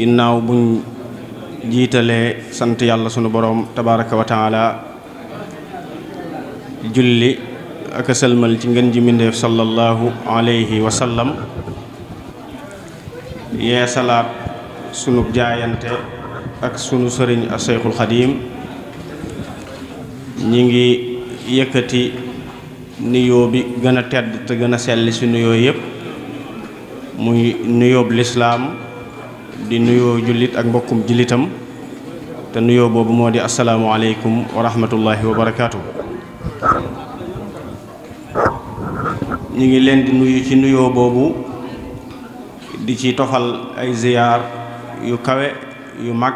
ginnaaw buñ jiitalee sant yàlla sunu boroom tabaraka wa taala julli ak sëlmal ci ngeen ji mbindéef alayhi wa yee salaat sunu jaayante ak sunu sëriñ a Seyxul Xadiim ñi ngi yëkkati nuyoo bi gën a tedd te gën a sell ci nuyoo yépp muy nuyoob lislaam di nuyoo jullit ak mbokkum jullitam te nuyoo boobu moo di asalaamualeykum wa rahmatullahi wa barakaatu. ñu ngi leen di nuyu ci nuyoo boobu di ci tofal ay ziyaar yu kawe yu mag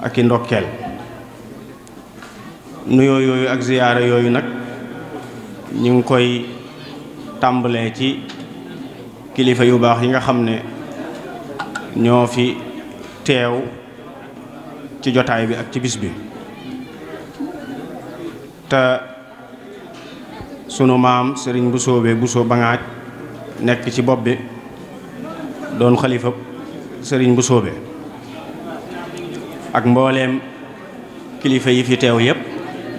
ak i ndokkeel nuyoo yooyu ak ziyaara yooyu nag ñu ngi koy tàmbalee ci kilifa yu baax yi nga xam ne ñoo fi teew ci jotaay bi ak ci bis bi te sunu maam sëriñ bu sóobee bu soo nekk ci bopp bi doon xalifa sëriñ bu sóobee ak mbooleem kilifa yi fi teew yépp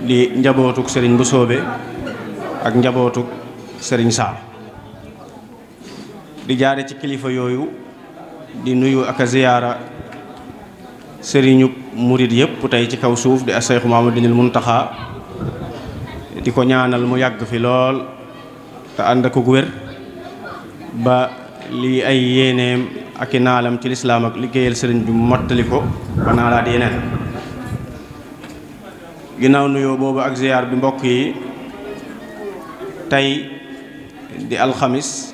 di njabootuk sëriñ bu sóobee ak njabootuk sëriñ Saal di jaare ci kilifa yooyu di nuyu ak a ziyaara sëriñu murit yëpp tey ci kaw suuf di a Seexu Muhammadinil Muntaxa di ko ñaanal mu yàgg fi lool te ànd ak wér ba lii ay yéeneem ak i naalam ci lislaam ak liggéeyal sëriñ bi mottali ko ba naalaat yeneen ginnaaw nuyoo boobu ak ziyaar bi mbokk yi tey di alxamis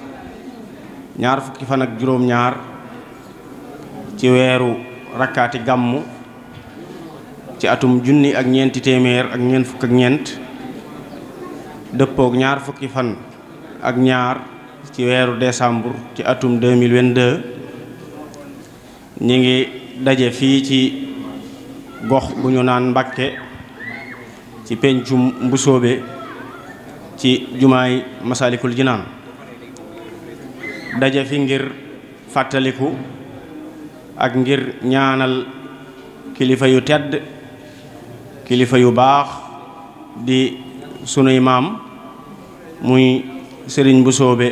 ñaar fukki fan ak juróom-ñaar ci weeru rakkaati gàmmu ci atum junni ak ñeenti téeméer ak ñeent fukk ak ñeent dëppook ñaar fukki fan ak ñaar ci weeru décembre ci atum 2022 ñi ngi daje fii ci gox bu ñu naan Mbàkke ci pencum Mbusoobe ci jumaay Masalikul Jinaan daje fi ngir fàttaliku ak ngir ñaanal kilifa yu tedd kilifa yu baax di sunuy maam muy sëriñ bu soobe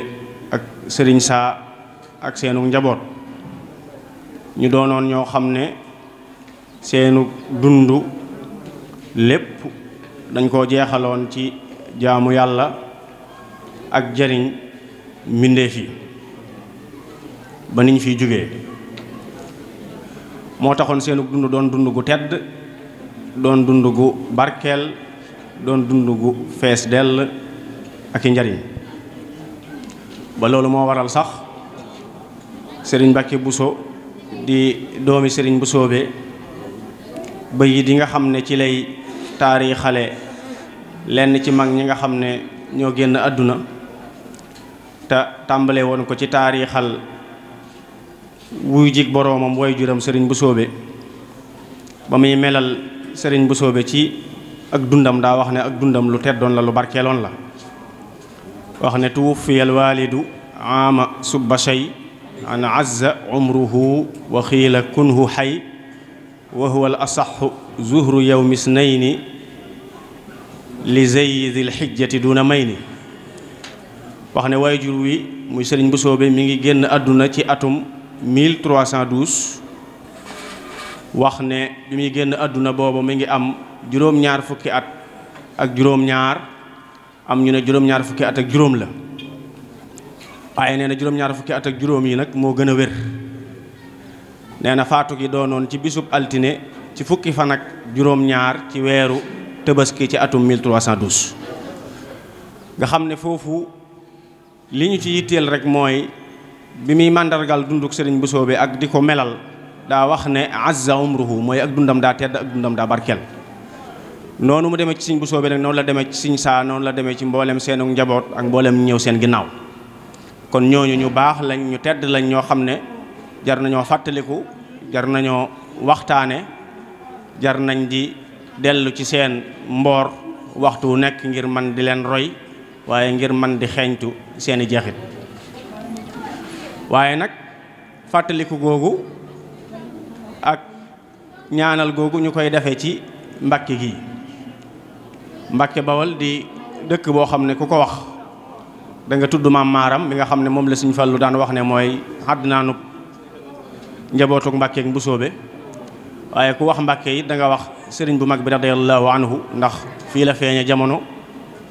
ak sëriñ saa ak seenu njaboot ñu doonoon ñoo xam ne seenu dundu lépp dañ koo jeexaloon ci jaamu yàlla ak jariñ mbindeef yi ba niñ fiy jógee moo taxoon seenu dund doon dund gu tedd doon dund gu barkeel doon dund gu fees dell ak i njariñ ba loolu moo waral sax sëriñ Mbàkke Buso di doomi sëriñ bu soobee ba yi di nga xam ne ci lay taarixale lenn ci mag ñi nga xam ne ñoo génn àdduna te tàmbale woon ko ci taarixal wuy jig boroomam way juram sëriñ bu soobe ba muy melal sëriñ bu soobe ci ak dundam daa wax ne ak dundam lu teddoon la lu barkeeloon la wax ne tuwufiyal waalidu ama subba shay an azza umruhu wa kunhu xay wa huwa al asaxu zuhru yowmi isnayni li zeydi lxijjati duna may ni wax ne waajur wi muy sëriñ bu soobe mi ngi génn àdduna ci atum 1312 wax ne bi muy génn àdduna boobu mi ngi am juróom-ñaar fukki at ak juróom-ñaar am ñu ne juróom-ñaar fukki at ak juróom la waaye nee na juróom-ñaar fukki at ak juróom yi nag moo gën a wér nee na faatu gi doonoon ci bisub altine ci fukki fan ak juróom-ñaar ci weeru tëbaski ci atum 1312 nga xam ne foofu li ñu ci yitteel rek mooy bi muy màndargal dunduk sëriñ Bousso bi ak di ko melal daa wax ne azza umruhu mooy ak dundam daa tedd ak dundam daa barkeel noonu mu demee ci sëriñ Bousso bi nag noonu la demee ci sëriñ saa noonu la demee ci mboolem seenu njaboot ak mboolem ñëw seen ginnaaw kon ñooñu ñu baax lañ ñu tedd lañ ñoo xam ne jar nañoo fàttaliku jar nañoo waxtaane jar nañ di dellu ci seen mboor waxtu wu nekk ngir man di leen roy waaye ngir man di xeeñtu seeni jeexit waaye nag fàttaliku googu ak ñaanal googu ñu koy defee ci mbakke gi Mbàkke Bawal di dëkk boo xam ne ku ko wax danga tudd maam maaram bi nga xam ne moom la suñ fàllu daan wax ne mooy àdd naanu njabootuk Mbàkke ak Mbusoobe waaye ku wax Mbàkke yi da nga wax sëriñ bu mag bi radiyallahu anhu ndax fii la feeñe jamono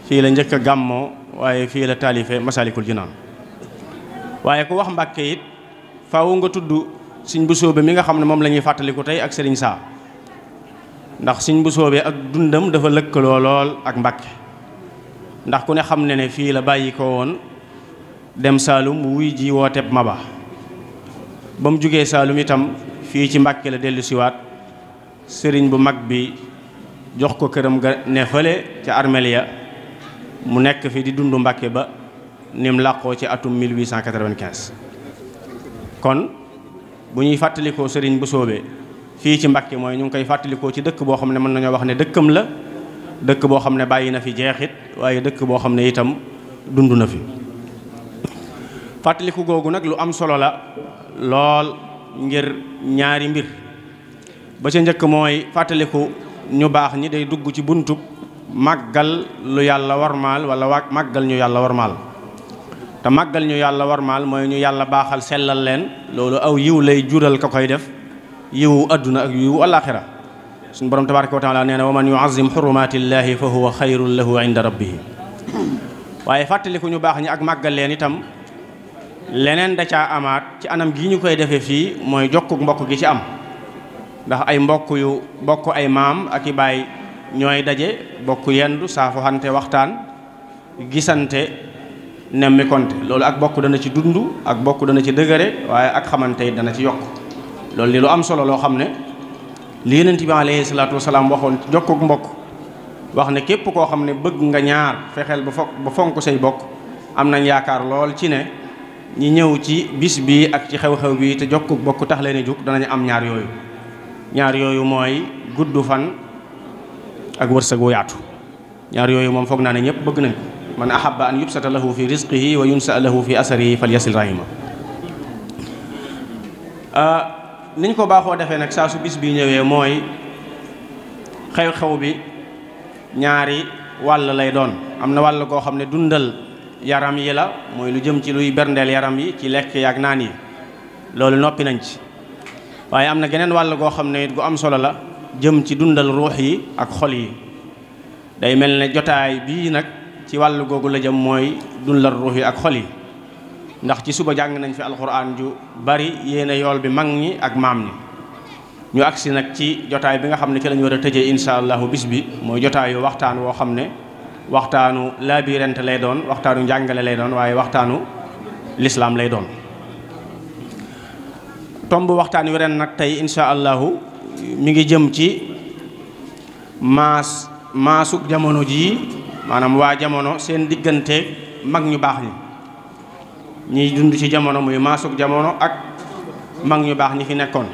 fii la njëkk a gàmmoo waaye fii la taalife Masaalikul Jinaan waaye ku wax Mbàkke it faaw nga tudd Sëñ Busoobe mi nga xam ne moom lañuy fàttali fàttaliku tey ak Sëriñ Saa ndax Sëñ Busoobe ak dundam dafa lëkkaloo lool ak Mbàkke ndax ku ne xam ne ne fii la bàyyi ko woon dem Saalum wuy ji wooteb ma ba ba mu jógee Saalum itam fii ci Mbàkke la dellusiwaat sëriñ bu mag bi jox ko këram ga ne fële ca armeel ya mu nekk fi di dund Mbàkke ba nim làqoo ci atum 1895 kon bu ñuy fàttalikoo sëriñ bu soobee fii ci Mbàkke mooy ñu ngi koy fàttalikoo ci dëkk boo xam ne mën nañoo wax ne dëkkam la dëkk boo xam ne bàyyi na fi jeexit waaye dëkk boo xam ne itam dund na fi fàttaliku googu nag lu am solo la lool ngir ñaari mbir ba ca njëkk mooy fàttaliku ñu baax ñi day dugg ci buntub màggal lu yàlla warmaal wala waa màggal ñu yàlla warmaal te màggal ñu yàlla warmaal mooy ñu yàlla baaxal sellal leen loolu aw yiw lay jural ka koy def yiwu adduna ak yiwu alaxira suñu borom tabaraka wa taala nee na wa man yuazim xurumatillahi fa huwa xayrun lahu inda rabbihi waaye fàttaliku ñu baax ñi ak màggal leen itam leneen da amaat ci anam gi ñu koy defee fii mooy jokkuk mbokk gi ci am ndax ay mbokk yu bokk ay maam ak i baay ñooy daje bokk yendu saafu waxtaan gisante nemmi konte loolu ak bokk dana ci dund ak bokk dana ci dëgëre waaye ak xamante dana ci yokk loolu li lu am solo loo xam ne li Yonent bi alayhi salaatu wasalaam waxoon ci jokkuk mbokk wax ne képp koo xam ne bëgg nga ñaar fexeel ba fokk ba fonk say bokk am nañ yaakaar lool ci ne ñi ñëw ci bis bi ak ci xew-xew bi te jokk bokk tax leen a jug danañu am ñaar yooyu ñaar yooyu mooy gudd fan ak wërsëg wu ñaar yooyu moom foog naa ne ñëpp bëgg nañ man ahabba an yubsata lahu fi rizqihi wa yunsa lahu fi asarihi fal yasil rahima ah, niñ ko baaxoo defee nag saa su bis bi ñëwee mooy xew-xew bi ñaari wàll lay doon am na wàll goo xam ne dundal yaram yi la mooy lu jëm ci luy berndeel yaram yi ci lekk yaak naan yi loolu noppi nañ ci waaye am na geneen wàll goo xam ne it gu am solo la jëm ci dundal ruux yi ak xol yi day mel ne jotaay bii nag ci wàllu googu la jëm mooy dundal ruux yi ak xol yi ndax ci suba jàng nañ fi alxuraan ju bari yéena yool bi mag ñi ak maam ñi ñu agsi nag ci jotaay bi nga xam ne ci lañu war a tëjee insha allahu bis bi mooy jotaayu waxtaan woo xam ne waxtaanu laabirante lay doon waxtaanu njàngale lay doon waaye waxtaanu lislaam lay doon tomb waxtaan wi nag tey insha allahu mi ngi jëm ci maas maasuk jamono jii maanaam waa jamono seen diggante mag ñu baax ñi ñiy dund ci jamono muy maasug jamono ak mag ñu baax ñi fi nekkoon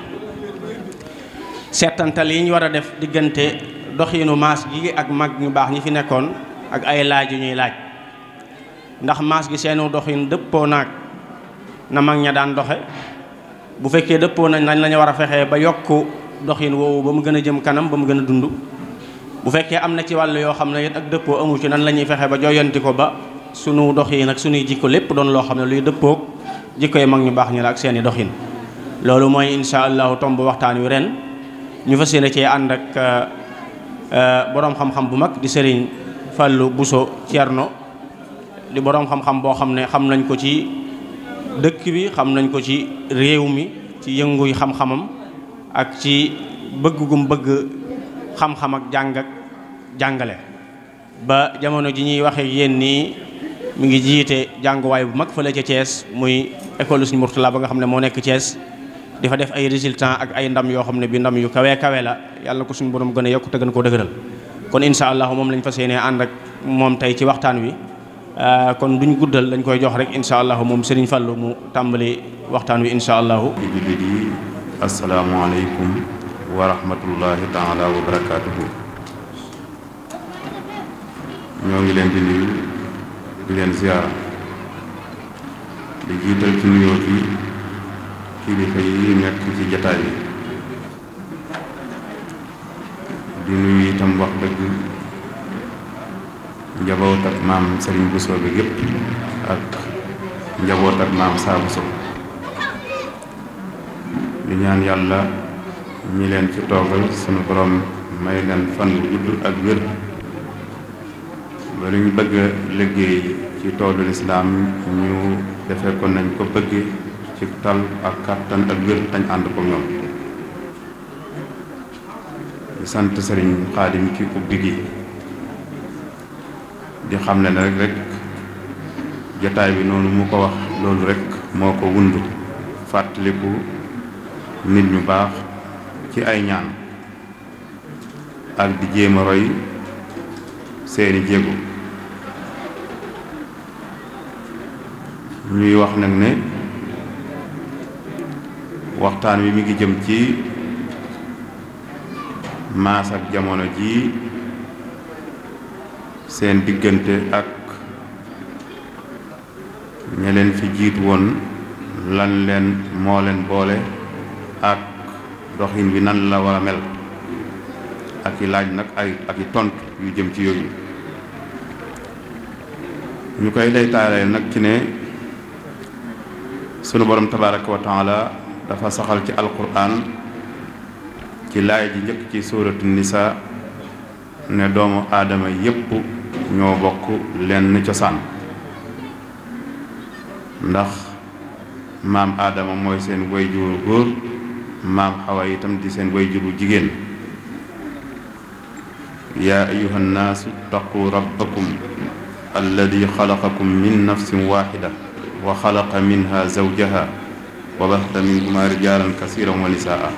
seetantal yi ñu war a def diggante doxinu maas gi ak mag ñu baax ñi fi nekkoon ak ay laaj yu ñuy laaj ndax maas gi seenu doxin dëppoo naag na mag ña daan doxe bu fekkee dëppoo nañ nañ lañu war a fexe ba yokk doxin woowu ba mu gën a jëm kanam ba mu gën a dund bu fekkee am na ci wàll yoo xam ne it ak dëppoo amu ci nan la ñuy fexe ba joyanti ko ba sunu doxin ak suñuy jikko lépp doon loo xam ne luy dëppoog jikko mag ñu baax ñu la ak seeni doxin loolu mooy incha allahu tomb waxtaan wi ren ñu fas yéene cee ànd ak euh, euh, boroom xam-xam bu mag di sëriñ Fallou Bousso Thierno di boroom xam-xam boo xam ne xam nañ ko ci dëkk bi xam nañ ko ci réew mi ci yënguy xam-xamam ak ci bëgg gum bëgg xam-xam ak jàng ak jàngale ba jamono ji ñuy waxee yéen nii mu ngi jiite jànguwaay bu mag fële ca cees muy école Sëriñ Mourtala ba nga xam ne moo nekk cees di fa def ay résultant ak ay ndam yoo xam ne bi ndam yu kawe kawe la yàlla ko suñu borom gën a yokk te gën koo dëgëral kon incha allahu moom lañ fa yéenee ànd ak moom tey ci waxtaan wi euh, kon duñ guddal dañ koy jox rek incha allah moom Serigne Fallou mu tàmbali waxtaan wi incha allahu. asalaamaaleykum. wa rahmatullahi taala wa barakaatuhu ñoo ngi leen di nuyu di leen ziyaara di jiital ci nuyoo ci kilifa yi nekk ci jataay yi di nuyu itam wax dëgg njaboot ak maam Serigne Bousso bi yépp ak njaboot ak maam Saa Bousso di ñaan yàlla ñi leen ci toogal sunu borom may leen fan gudd ak wér ba ñu bëgg liggéey ci toolu lislaam ñu defee ko nañ ko bëgg ci tal ak kàttan ak wér tañ ànd ko ñoom di sant sëriñ xaadim ci ubbi gi di xam ne ne rek rek jataay bi noonu mu ko wax loolu rekk moo ko wund fàttaliku nit ñu baax ci ay ñaan ak di jéem roy seeni jégu ñuy wax nag ne waxtaan wi mi ngi jëm ci maas ak jamono ji seen diggante ak ña leen fi jiit woon lan leen moo leen boole ak doxin bi nan la war a mel ak i laaj nag ay ak i tontu yu jëm ci yooyu ñu koy deytaalee nag ci ne sunu boroom tabaraka wa taala dafa saxal ci alquran ci laaj ji njëkk ci suuratu nisa ne doomu aadama yépp ñoo bokk lenn cosaan ndax maam aadama mooy seen woy juuru góor maam xawa itam di seen way juru jigéen ya ayuha nnaasu taqu rabbakum alladi xalaqakum min nafsin waxida wa xalaqa minha zawjaha wa baxta minkuma rijaalan kasiran wa nisaa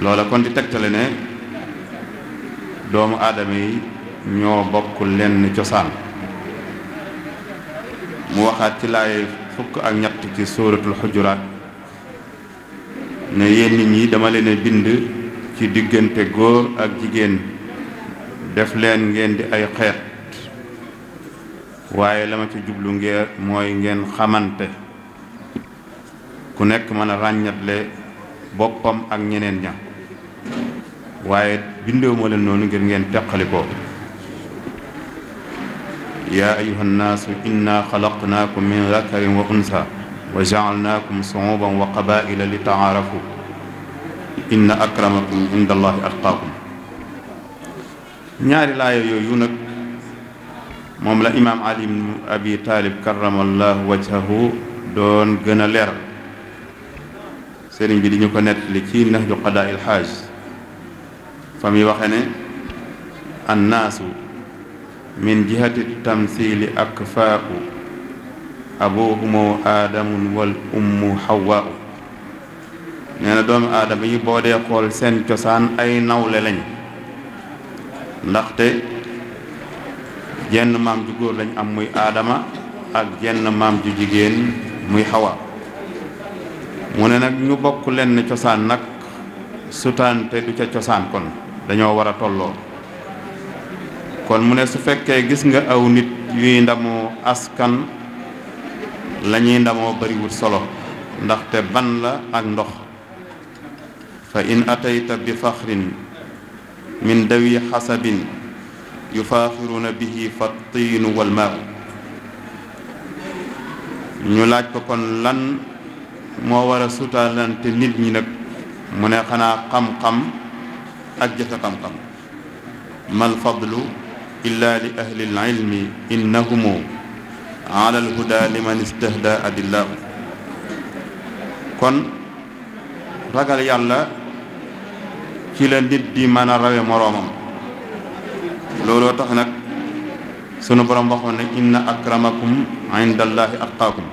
loola kon di tegtale ne doomu aadama yi ñoo bokk lenn cosaan mu waxaat ci laaye fukk ak ñett ci suratul xujuraat ne yéen nit ñi dama leen bind ci diggante góor ak jigéen def leen ngeen di ay xeet waaye la ma ci jublu ngeen mooy ngeen xamante ku nekk mën a ràññatle boppam ak ñeneen ña waaye bindewuma leen noonu ngir ngeen teqalikoo yaa ayuha nnaasu inna xalaqnaakum min dakarin wa unsa wa jaalnaakum suuban wa qabaila li taarafu inna akramakum inda allahi atqaakum ñaari laaya moom la imaam ali ibnu abi taalib karamallahu wajhahu doon gën a leeral sëriñ bi di ñu ko nettali ci nahju qadaa il xaaj fa muy waxe ne annaasu min jihati tamsili akfaau abuhumoo aadamun wal ummu hawa u nee na doomu aadama yi boo dee xool seen cosaan ay nawle lañ ndaxte jenn maam ju góor lañ am muy aadama ak jenn maam ju jigéen muy xawa mu ne nag ñu bokk lenn cosaan nag sutaante du ca cosaan kon dañoo war a tolloo kon mu ne su fekkee gis nga aw nit yuy ndamoo askan lañuy ñuy ndamoo bariwul solo ndaxte ban la ak ndox fa in atayta bi faxrin min dawi xasabin yufaaxiruuna bihi fa tiinu wal maa ñu laaj ko kon lan moo wara a sutaalante nit ñi nag mu ne xanaa xam-xam ak jëfe xam-xam mal fadlu illa li ahli l ilmi alal huda liman istahda adillah kon ragal yàlla ci la nit di mën a rawe moroomam looloo tax nag sunu borom waxoon ne inna akramakum indallahi atqaakum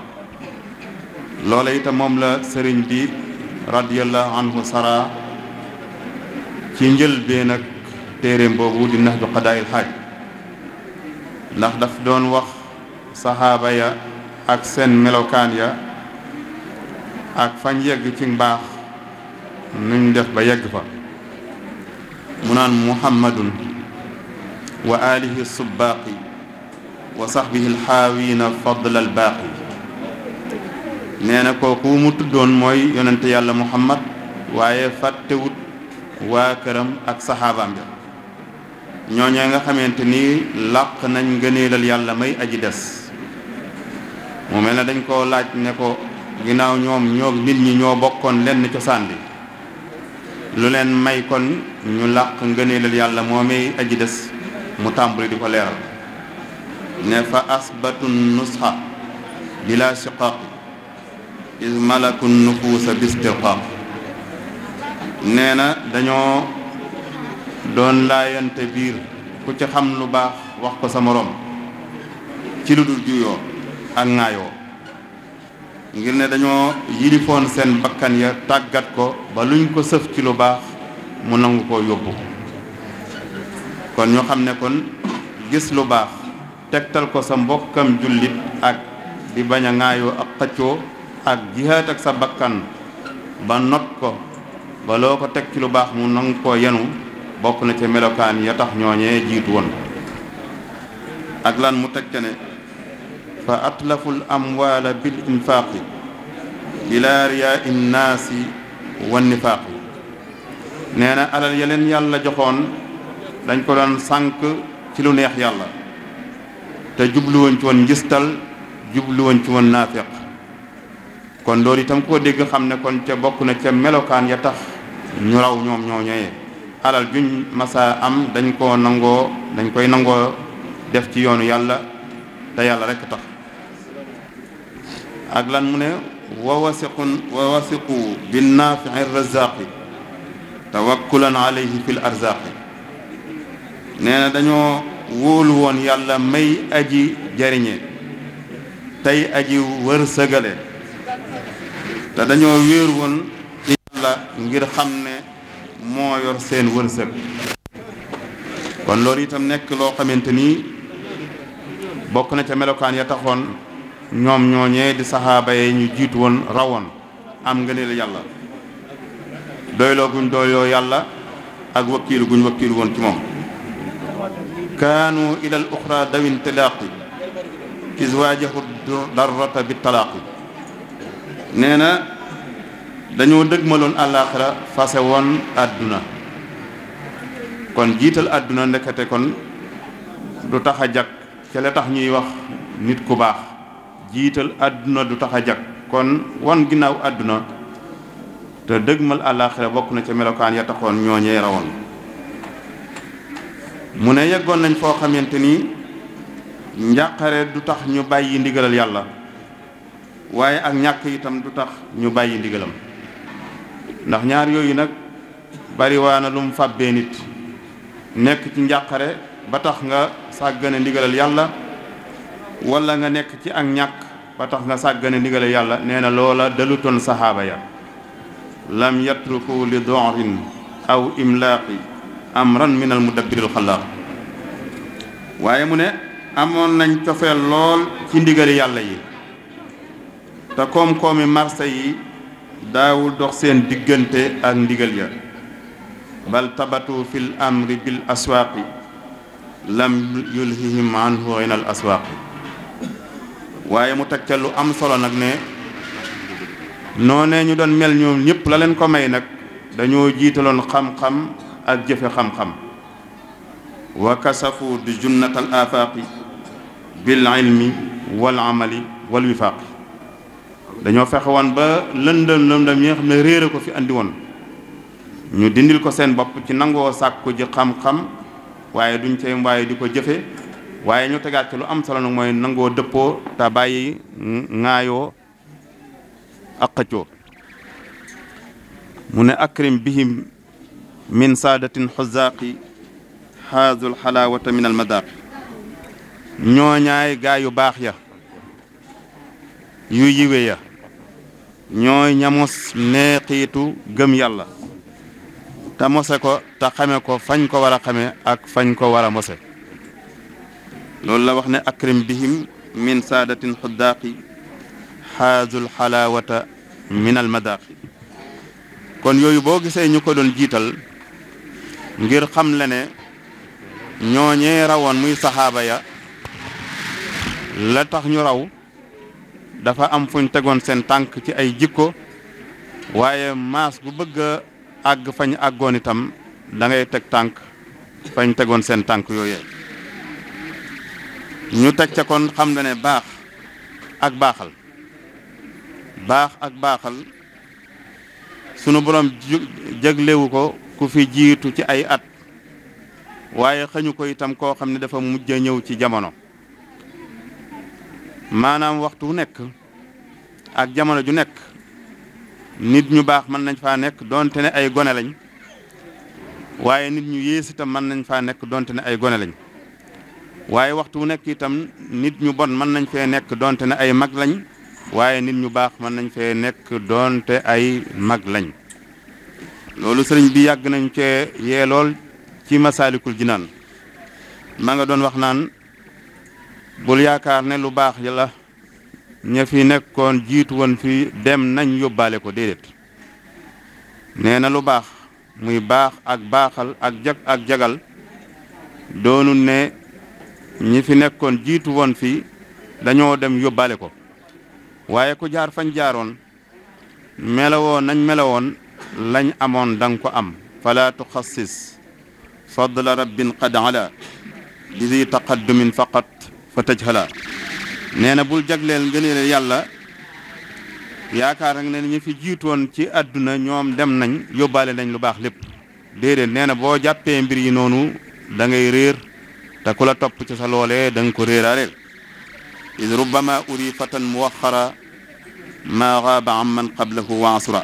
loola itam moom la sëriñ bi radiyallahu anhu sara ci njëlbeen nag téeréem boobu di nax du xadaayil xaaj ndax daf doon wax saxaaba ya ak seen melokaan ya ak fañ yegg ci mbaax nuñ def ba yegg fa mu naan muhammadun wa alihi subbaaqi wa saxbihi alxaawiina fadla albaaqi nee na kooku mu tuddoon mooy yonente yàlla muhammad waaye fàttewut waa këram ak saxaabaam ya ñooñee nga xamante ni làq nañ ngëneelal yàlla may aji des mu mel ne dañ koo laaj ne ko ginnaaw ñoom ñoo nit ñi ñoo bokkoon lenn cosaan bi lu leen may kon ñu làq ngëneelal yàlla moo may aji des mu tàmbali di ko leeral ne fa asbatu nusxa bila shiqaaqi is malaku nufuusa bistirqaaq nee na dañoo doon laayante biir ku ci xam lu baax wax ko sa moroom ci lu dul juyoo ak ŋaayoo ngir ne dañoo yilifoon seen bakkan ya tàggat ko ba luñ ko sëf ci lu baax mu nangu ko yóbbu kon ñu xam ne kon gis lu baax tegtal ko sa mbokkam jullit ak di bañ a ŋaayoo ab xëccoo ak jihaat ak sa bakkan ba not ko ba loo ko teg ci lu baax mu nangu koo yenu bokk na ca melokaan ya tax ñoo ñooñee jiitu woon ak lan mu teg ca ne fa atlafu l amwaala bil infaaqi ila riyaa nnaasi wa nifaaqi nee na alal ya leen yàlla joxoon dañ ko doon sànq ci lu neex yàlla te jubluwoon ci woon njistal jubluwoon ci woon naafeq kon loolu itam koo dégg xam ne kon ca bokk na ca melokaan ya tax ñu raw ñoom ñoo ñëwee alal juñ masa am dañ koo nangoo dañ koy nangoo def ci yoonu yàlla te yàlla rekk tax ak lan mu ne wa wasiqun wa wasiqu binnaafici razaqi tawakkulan alayhi fi l arzaqi nee na dañoo wóoluwoon yàlla may aji jariñe tey aji wërsëgale te dañoo wéeru woon ci yàlla ngir xam ne moo yor seen wërsëg kon loolu itam nekk loo xamante ni bokk na ca melokaan ya taxoon ñoom ñooñee di saxaaba yi ñu jiitu woon rawoon am nga ngëneel yàlla doyloo guñ doyloo yàlla ak wakkiilu guñ wakkiilu woon ci moom kaanu ilal uxra dawin talaaqi iswaajahu darrata bi talaaqi nee dañoo dëgmaloon àllaaxira fase woon àdduna kon jiital àdduna ndekete kon du tax a jag ca la tax ñuy wax nit ku baax jiital àdduna du tax a jag kon wan ginnaaw àdduna te dëgmal àllaaxira bokk na ci melokaan ya taxoon ñoo ñooñee rawoon mu ne yeggoon nañ foo xamante ni njàqare du tax ñu bàyyi ndigalal yàlla waaye ak ñàkk itam du tax ñu bàyyi ndigalam ndax ñaar yooyu nag bari na lu mu fàbbee nit nekk ci njàqare ba tax nga sàggane ndigalal yàlla wala nga nekk ci ak ñàkk ba tax nga sàggane ndigalal yàlla nee na loola dalutoon saxaaba ya lam yatruku li dorin aw imlaaqi amran min al mudabbiril xalaaq waaye mu ne amoon nañ cofeel lool ci ndigali yàlla yi te koom-koomi marché yi daawul dox seen diggante ak ndigal ya bal tabatu fil amri bil aswaaqi lam yulhihim anhu gayna al aswaaqi waaye mu teg ca lu am solo nag ne noonee ñu doon mel ñoom ñëpp la leen ko may nag dañoo jiitaloon xam-xam ak jëfe xam-xam wa kasafu di junnatal afaaqi bil ilmi wal amali wal wifaaqi dañoo fexewoon ba lëndëm lëndëm yi nga xam ne réere ko fi andi woon ñu dindil ko seen bopp ci nangoo sàkku ji xam-xam waaye duñ cay waaye di ko jëfe waaye ñu tegaat ci lu am solo nag mooy nangoo dëppoo te bàyyi ŋaayoo ak mu ne akrim bihim min saadatin xuzaaqi xaazul xalaawata min almadaaqi ñooñaay gaa yu baax ya yu yiwe ya ñooy ñamos neexiitu gëm yàlla te mose ko te xame ko fañ ko war a xame ak fañ ko war a mose loolu la wax ne akrim bihim min saadatin xuddaaqi xaazul xalaawata min almadaaqi kon yooyu boo gisee ñu ko doon jiital ngir xam le ne ñooñee rawoon muy saxaaba ya la tax ñu raw dafa am fuñ tegoon seen tànk ci ay jikko waaye maas bu bëgg a àgg fañ àggoon itam da ngay teg tànk fañ tegoon seen tànk yooyee ñu teg ca xam ne ne baax ak baaxal baax ak baaxal sunu boroom jeglewu ko ku fi jiitu ci ay at waaye xañu ko itam koo xam ne dafa mujj a ñëw ci jamono maanaam waxtu wu nekk ak jamono ju nekk nit ñu baax mën nañ faa nekk donte ne ay gone lañ waaye nit ñu yées itam mën nañ faa nekk donte ne ay gone lañ waaye waxtu wu nekk itam nit ñu bon mën nañ fee nekk donte ne ay mag lañ waaye nit ñu baax mën nañ fee nekk doonte ay mag lañ loolu sëriñ bi yàgg nañ cee yee lool ci masaalikul jinaan maa nga doon wax naan bu yaakaar ne lu baax la ña fi nekkoon jiitu woon fii dem nañ yóbbaale ko déedéet nee na lu baax muy baax ak baaxal ak jag ak jagal doonu ne ñi fi nekkoon jiitu woon fii dañoo dem yóbbaale ko waaye ko jaar fañ jaaroon melawoo nañ melowoon lañ amoon danga ko am fala xassis fadla rabbin qad ala bisi taqaddumin faqat fa tëj xalaa nee na bul jagleel ngëneele yàlla yaakaar nag ne ñu fi jiitoon ci àdduna ñoom dem nañ yóbbaale nañ lu baax lépp déedéet nee na boo jàppee mbir yi noonu da ngay réer te ku la topp ci sa loolee da ko réeraaleel id rubbama uri fatan muwaxara maa xaaba amman qablahu wa asra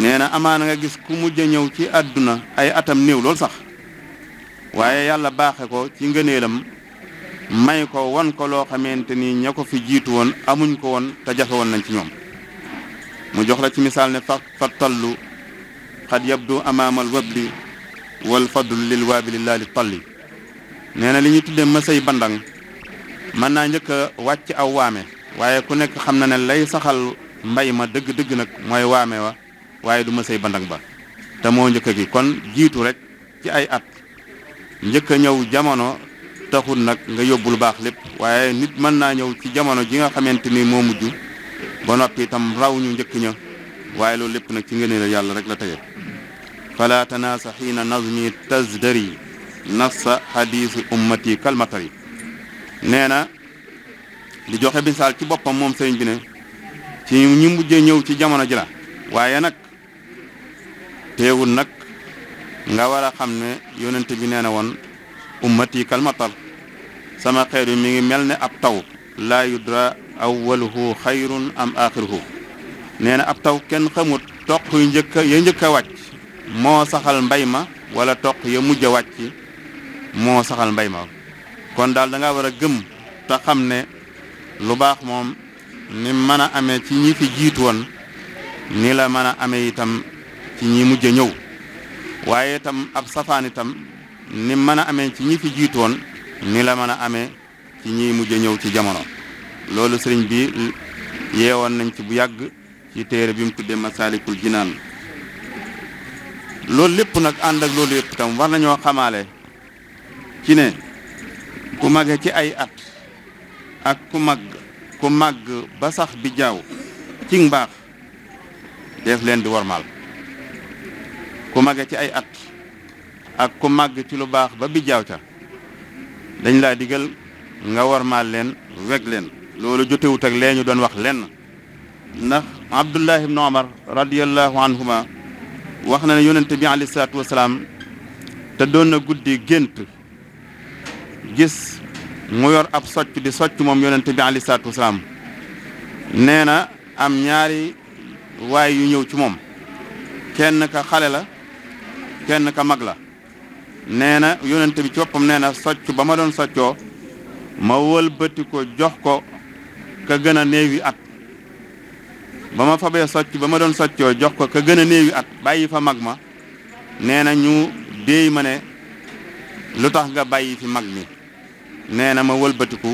nee na amaana nga gis ku mujj a ñëw ci àdduna ay atam néew lool sax waaye yàlla baaxe ko ci ngëneelam may ko won ko loo xamante ni ña ko fi jiitu woon amuñ ko woon te jafe woon nañ ci ñoom mu jox la ci misaal ne fa fa tallu xad yabdu amaamal wabli wal fadlu lil waabili laali talli nee na li ñu ma mësay bandaŋ mën naa njëkk a wàcc aw waame waaye ku nekk xam na ne lay saxal mbay ma dëgg-dëgg nag mooy waame wa waaye du ma mësay bandang ba te moo njëkk gi kon jiitu rek ci ay at njëkk a ñëw jamono taxul nag nga yóbbu lu baax lépp waaye nit mën naa ñëw ci jamono ji nga xamante ni moo mujj ba noppi itam raw ñu njëkk ña waaye loolu lépp nag ci ngëneel la yàlla rek la tege fala tanaasa xiina nazmi tazdari nassa xadiisu ummati kalmatari nee na di joxe misaal ci boppam moom sëriñ bi ne ci ñi mujjee ñëw ci jamono ji la waaye nag teewul nag nga war a xam ne yonent bi nee na woon ummati kal matar sama xeet wi mu ngi mel ne ab taw laa yudra awwaluhu xayrun am axiruhu nee na ab taw kenn xamut toq yu njëkk ya njëkk a wàcc moo saxal mbay ma wala toq ya mujj a moo saxal mbay ma kon daal danga war a gëm te xam ne lu baax moom ni mën a amee ci ñi fi jiitu woon ni la mën a amee itam ci ñi mujj ñëw waaye itam ab safaan itam ni mën a amee ci ñi fi jiitoon ni la mën a amee ci ñiy mujj ñëw ci jamono loolu sëriñ bi yeewoon nañ ci bu yàgg ci téere bi mu tuddee Masaalikul Jinaan loolu lépp nag ànd ak loolu yëpp tam war nañoo xamaale ci ne ku mage ci ay at ak ku mag ku màgg ba sax bi jaaw ci mbaax def leen di wormaal ku mage ci ay at ak ku màgg ci lu baax ba bi jaaw ca dañ laa digal nga warmaal leen weg leen loolu jotewut ak lee ñu doon wax lenn ndax abdullah ibn omar radiallahu anhuma wax na ne yonente bi alayhi salaatu wasalaam te doon na guddi gént gis mu yor ab socc di socc moom yonente bi alayhi salaatu wasalaam nee na am ñaari waay yu ñëw ci moom kenn ka xale la kenn ka mag la nee na yonent bi ci boppam nee na socc ba ma doon soccoo ma wëlbati jox ko ka gën a néewi at ba ma fabee socc ba ma doon soccoo jox ko ka gën a néewi at bàyyi fa mag ma nee na ñu déey ma ne lu tax nga bàyyi fi mag mi nee na ma wëlbatiku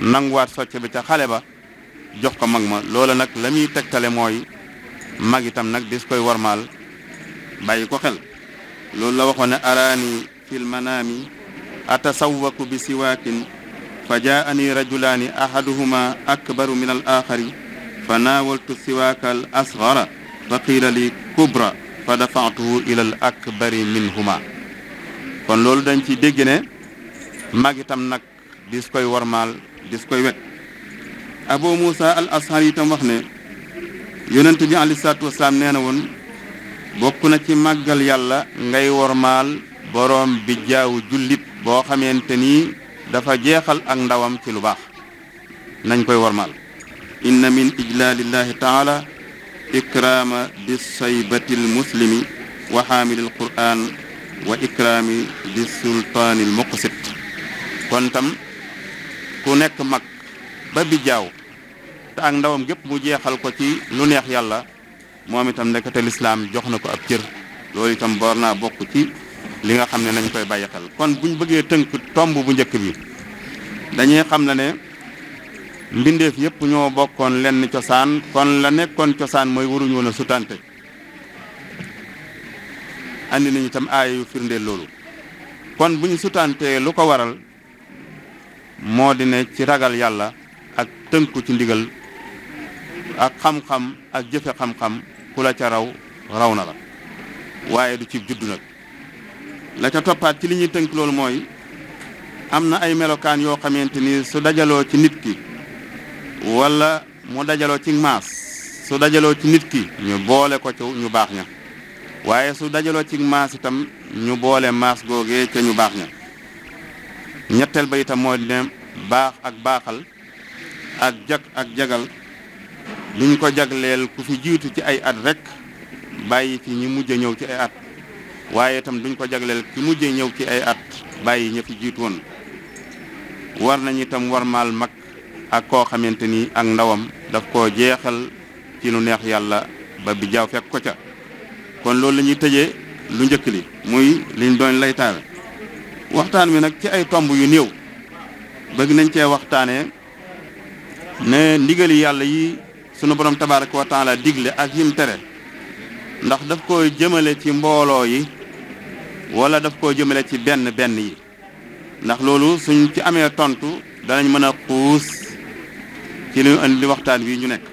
nanguwaat socc bi ca xale ba jox ko mag ma loola nag la muy tegtale mooy mag itam nag dis koy warmaal bàyyi ko xel loolu la waxoon ne araani fil manaami atasawwaku bi siwaakin fa jaani rajulaani ahaduhuma akbaru min al fa naawaltu siwaaka al fa qiila li kubra fa dafa'tuhu ila al minhuma kon loolu dañ ci dégg ne mag itam nag koy warmaal dis koy wet abu muusa al ashari wax ne yonent bi alayhi salaatu wasalaam nee na bokk na ci màggal yàlla ngay wormaal boroom bi jaawu jullit boo xamante ni dafa jeexal ak ndawam ci lu baax nañ koy wormaal inna min ijlaalillahi taala ikraama di saybati lmuslimi wa xaamili alquran wa ikraami di sultaani almuqsit kon tam ku nekk mag ba bi jaaw te ak ndawam gépp mu jeexal ko ci lu neex yàlla moom itam ndekete lislaam jox na ko ab cër loolu itam boor naa bokk ci li nga xam ne nañ koy bàyyi xel kon buñ bëggee tënk tomb bu njëkk bi dañuy xam na ne mbindeef yëpp ñoo bokkoon lenn cosaan kon la nekkoon cosaan mooy waruñu woon a sutante andi nañu itam aaya yu firndeel loolu kon bu ñu sutantee lu ko waral moo di ne ci ragal yàlla ak tënku ci ndigal ak xam-xam ak jëfe xam-xam ku la ca raw raw na la waaye du ci juddu nag la ca toppaat ci li ñuy tënk loolu mooy am na ay melokaan yoo xamante ni su dajaloo ci nit ki wala mu dajaloo cig maas su dajaloo ci nit ki ñu boole ko ci ñu baax ña waaye su dajaloo ci maas itam ñu boole maas googee ca ñu baax ña ñetteel ba itam mooy ne baax ak baaxal ak jag ak jagal liñ ko jagleel ku fi jiitu ci ay at rek bàyyi fi ñi mujj ñëw ci ay at waaye itam duñ ko jagleel ki mujj ñëw ci ay at bàyyi ña fi jiitu woon war nañ itam war maal mag ak koo xamante ni ak ndawam daf koo jeexal ci lu neex yàlla ba bi jaaw fekk ko ca kon loolu lañuy tëje lu njëkk li muy liñ doon laytaale waxtaan wi nag ci ay tomb yu néew bëgg nañ cee waxtaanee ne ndigali yàlla yi sunu borom tabaraka wa taala digle ak yim tere ndax daf ko jëmale ci mbooloo yi wala daf ko jëmale ci benn benn yi ndax loolu suñ ci amee tontu danañ mën a xuus ci li indi waxtaan wi ñu nekk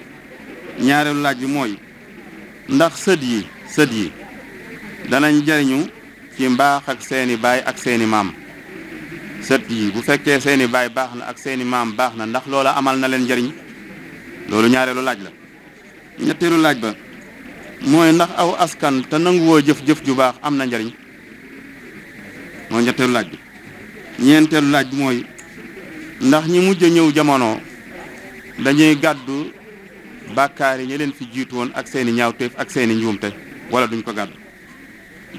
ñaareelu laaj bi mooy ndax sët yi sët yi danañ jariñu ci mbaax ak seeni baay ak seeni maam sët yi bu fekkee seeni baay baax na ak seeni maam baax na ndax loola amal na leen njariñ loolu ñaareelu laaj la ñetteelu laaj ba mooy ndax aw askan te nanguwoo jëf-jëf ju baax am na njariñ mooy ñetteelu laaj bi ñeenteelu laaj bi mooy ndax ñi mujj ñëw jamono dañuy gàddu bàkkaar yi ñi leen fi jiitu woon ak seeni ñaawteef ak seeni njuumte wala duñ ko gàddu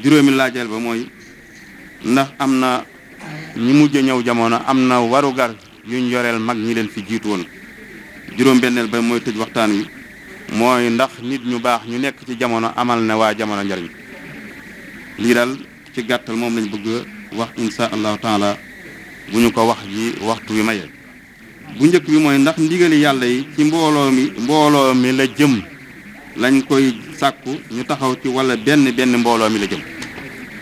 juróomi laajeel ba mooy ndax am na ñi mujj a ñëw jamono am na warugar yuñ yoreel mag ñi leen fi jiitu woon juróom-benneel ba mooy tëj waxtaan wi mooy ndax nit ñu baax ñu nekk ci jamono amal na waa jamono njariñ lii daal ci gàttal moom lañ bëgg wax insha allahu taala bu ñu ko wax ji waxtu wi maye bu njëkk bi mooy ndax ndigali yàlla yi ci mbooloo mi mbooloo mi la jëm lañ koy sàkku ñu taxaw ci wala benn benn mbooloo mi la jëm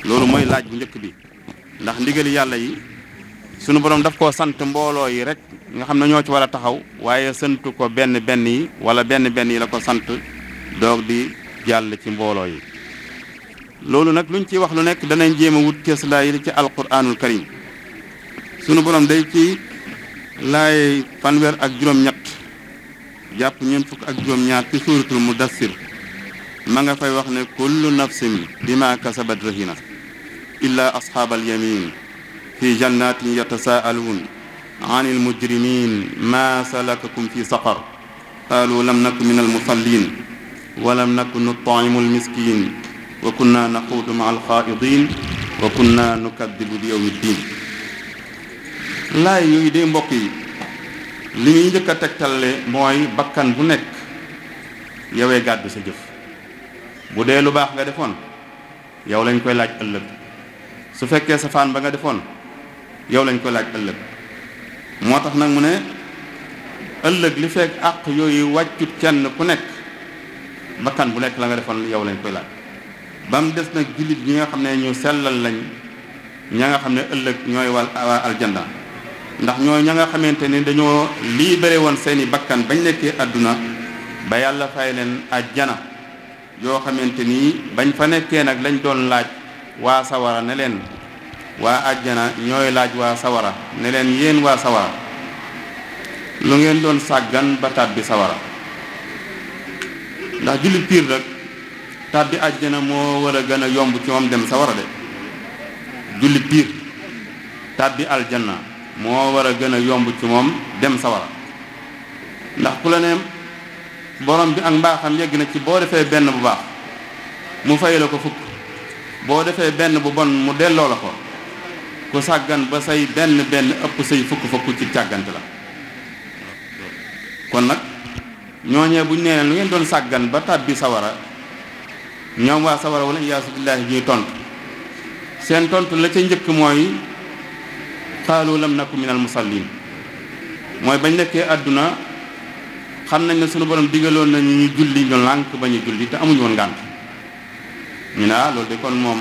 loolu mooy laaj bu njëkk bi ndax ndigali yàlla yi sunu borom daf koo sant mbooloo yi rek nga xam ne ñoo ci war a taxaw waaye sëntu ko benn benn yi wala benn benn yi la ko sant doog di jàll ci mbooloo yi loolu nag luñ ciy wax lu nekk danay jéem a wut cëslaa yi ci alquranul karim sunu borom day ci laay fanweer ak juróom-ñett jàpp ñeent fukk ak juróom-ñaar ci suuratul mudassir ma nga fay wax ne kullu nafsin bima kasabat rahina illa asxaabal yamin fi jannatin yatasaaluun an ilmujrimin ma salakakum fi saqar qaalu lam naku min almusallin walam naku nutaimu almiskin wa kunna naquudu maa alxaaidin wa kunna nukaddibu bi yowmi ddin laay yooyu de mbokk yi li ñuy njëkk a tegtale mooy bakkan bu nekk yowee gàddu sa jëf bu dee lu baax nga defoon yow lañ koy laaj ëllëg su fekkee safaan ba nga defoon yow lañ ko laaj ëllëg moo tax nag mu ne ëllëg li fekk àq yooyu wàccut kenn ku nekk bakkan bu nekk la nga defoon yow lañ koy laaj ba mu des nag jullit yi nga xam ne ñu sellal lañ ña nga xam ne ëllëg ñooy wal waa ndax ñoo ña nga xamante ni dañoo libéré woon seeni bakkan bañ nekkee àdduna ba yàlla fay leen aj jana yoo xamante ni bañ fa nekkee nag lañ doon laaj waa sawara ne leen waa àjjana ñooy laaj waa sawara ne leen yéen waa sawara lu ngeen doon sàggan ba tàbbi sawara ndax jullit piir rek tàbbi àjjana moo war a gën a yomb ci moom dem sawara de jullit piir tàbbi aljanna moo war a gën a yomb ci moom dem sawara ndax ku la ne borom bi ak mbaaxam yegg na ci boo defee benn bu baax mu fay la ko fukk boo defee benn bu bon mu delloo la ko ku sàggan ba say benn benn ëpp say fukk-fukk ci càggante la kon nag ñooñee buñ nee lu ngeen doon sàggan ba tàbbi sawara ñoom waa sawara wala iyaasu billaahi ñuy seen tontu la ca njëkk mooy xaalu lam naku minal musallin mooy bañ nekkee àdduna xam nañ ne sunu borom diggaloon nañu ñu julli ñu lànk ba ñu julli te amuñu woon ngànt ñu ah loolu de kon moom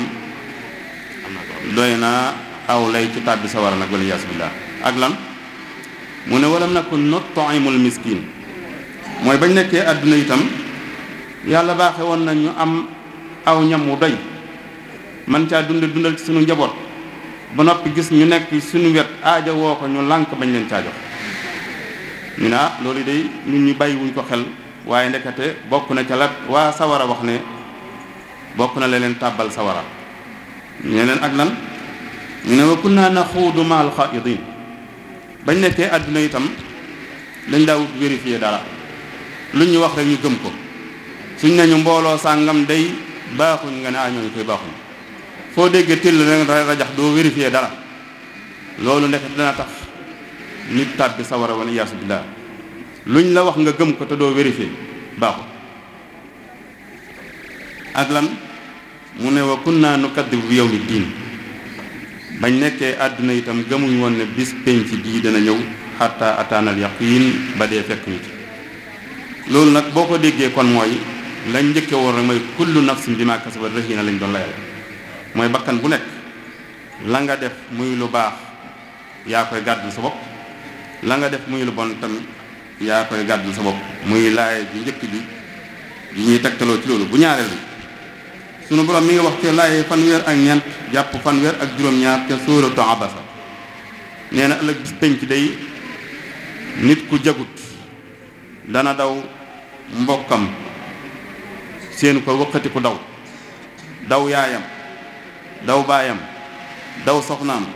doy na aw lay ci tàbbi sawara nag wala bi laa ak lan mu ne walam nako nut'imul miskin mooy bañ nekkee àdduna itam yàlla baaxe woon na ñu am aw ñam wu doy man caa dund dundal ci suñu njaboot ba noppi gis ñu nekk suñu wet aaja woo ko ñu lànk bañ leen caa jox ñu ne ah loolu day ñun ñu bàyyi wuñ ko xel waaye ndekete bokk na ca la waa sawara wax ne bokk na la leen tàbbal sawara ñu leen ak lan mu ne wa kunna naxuudu ma alxaidin bañ nekkee àdduna itam dañ daa wut vérifier dara lu ñu wax rek ñu gëm ko suñ nañu mbooloo sàngam day baaxuñ nga ne añooñu ah, koy baaxuñ foo déggee till rek rajax doo vérifier dara loolu nekk dinaa tax nit tàbbi sawara wala iyaasu billaah luñ la wax nga gëm ko te doo vérifier baaxul ak lan mu ne wa kunna nukaddibu bi yawmi diin bañ nekkee àdduna itam gëmuñ woon ne bis penc bii dana ñëw xatta ataanal yaqiin ba dee fekk ñu loolu nag boo ko déggee kon mooy lañ njëkke woon rek mooy kullu nafsin bima kasabat rahina lañ doon layal mooy bakkan bu nekk la nga def muy lu baax yaa koy gàddul sa bopp la nga def muy lu bon tam yaa koy gàddul sa bopp muy laay bi njëkk bi yi ñuy tegtaloo ci loolu bu ñaareel bi sunu borom mi ngi wax ca laay fanweer ak ñeent jàpp fanweer ak juróom-ñaar ca sóoratu abasa nee na ëllëg bis penc day nit ku jagut dana daw mbokkam seen ko wëqati ku daw daw yaayam daw baayam daw soxnaam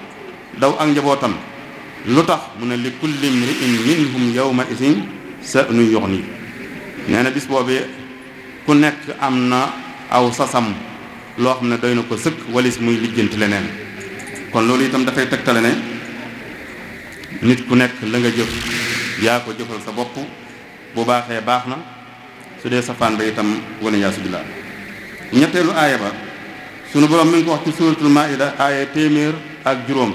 daw ak njabootam lu tax mu ne li kulli mri'in minhum yawma isin sa nu yox nii nee na bis boobee ku nekk am na aw sasam loo xam ne doy na ko sëkk walis muy lijjanti leneen kon loolu itam dafay tegtale ne nit ku nekk la nga jëf yaa ko jëfal sa bopp bu baaxee baax na su dee safaan ba itam wane yaasu billah ñetteelu aaya ba sunu borom mi ngi ko wax ci téeméer ak juróom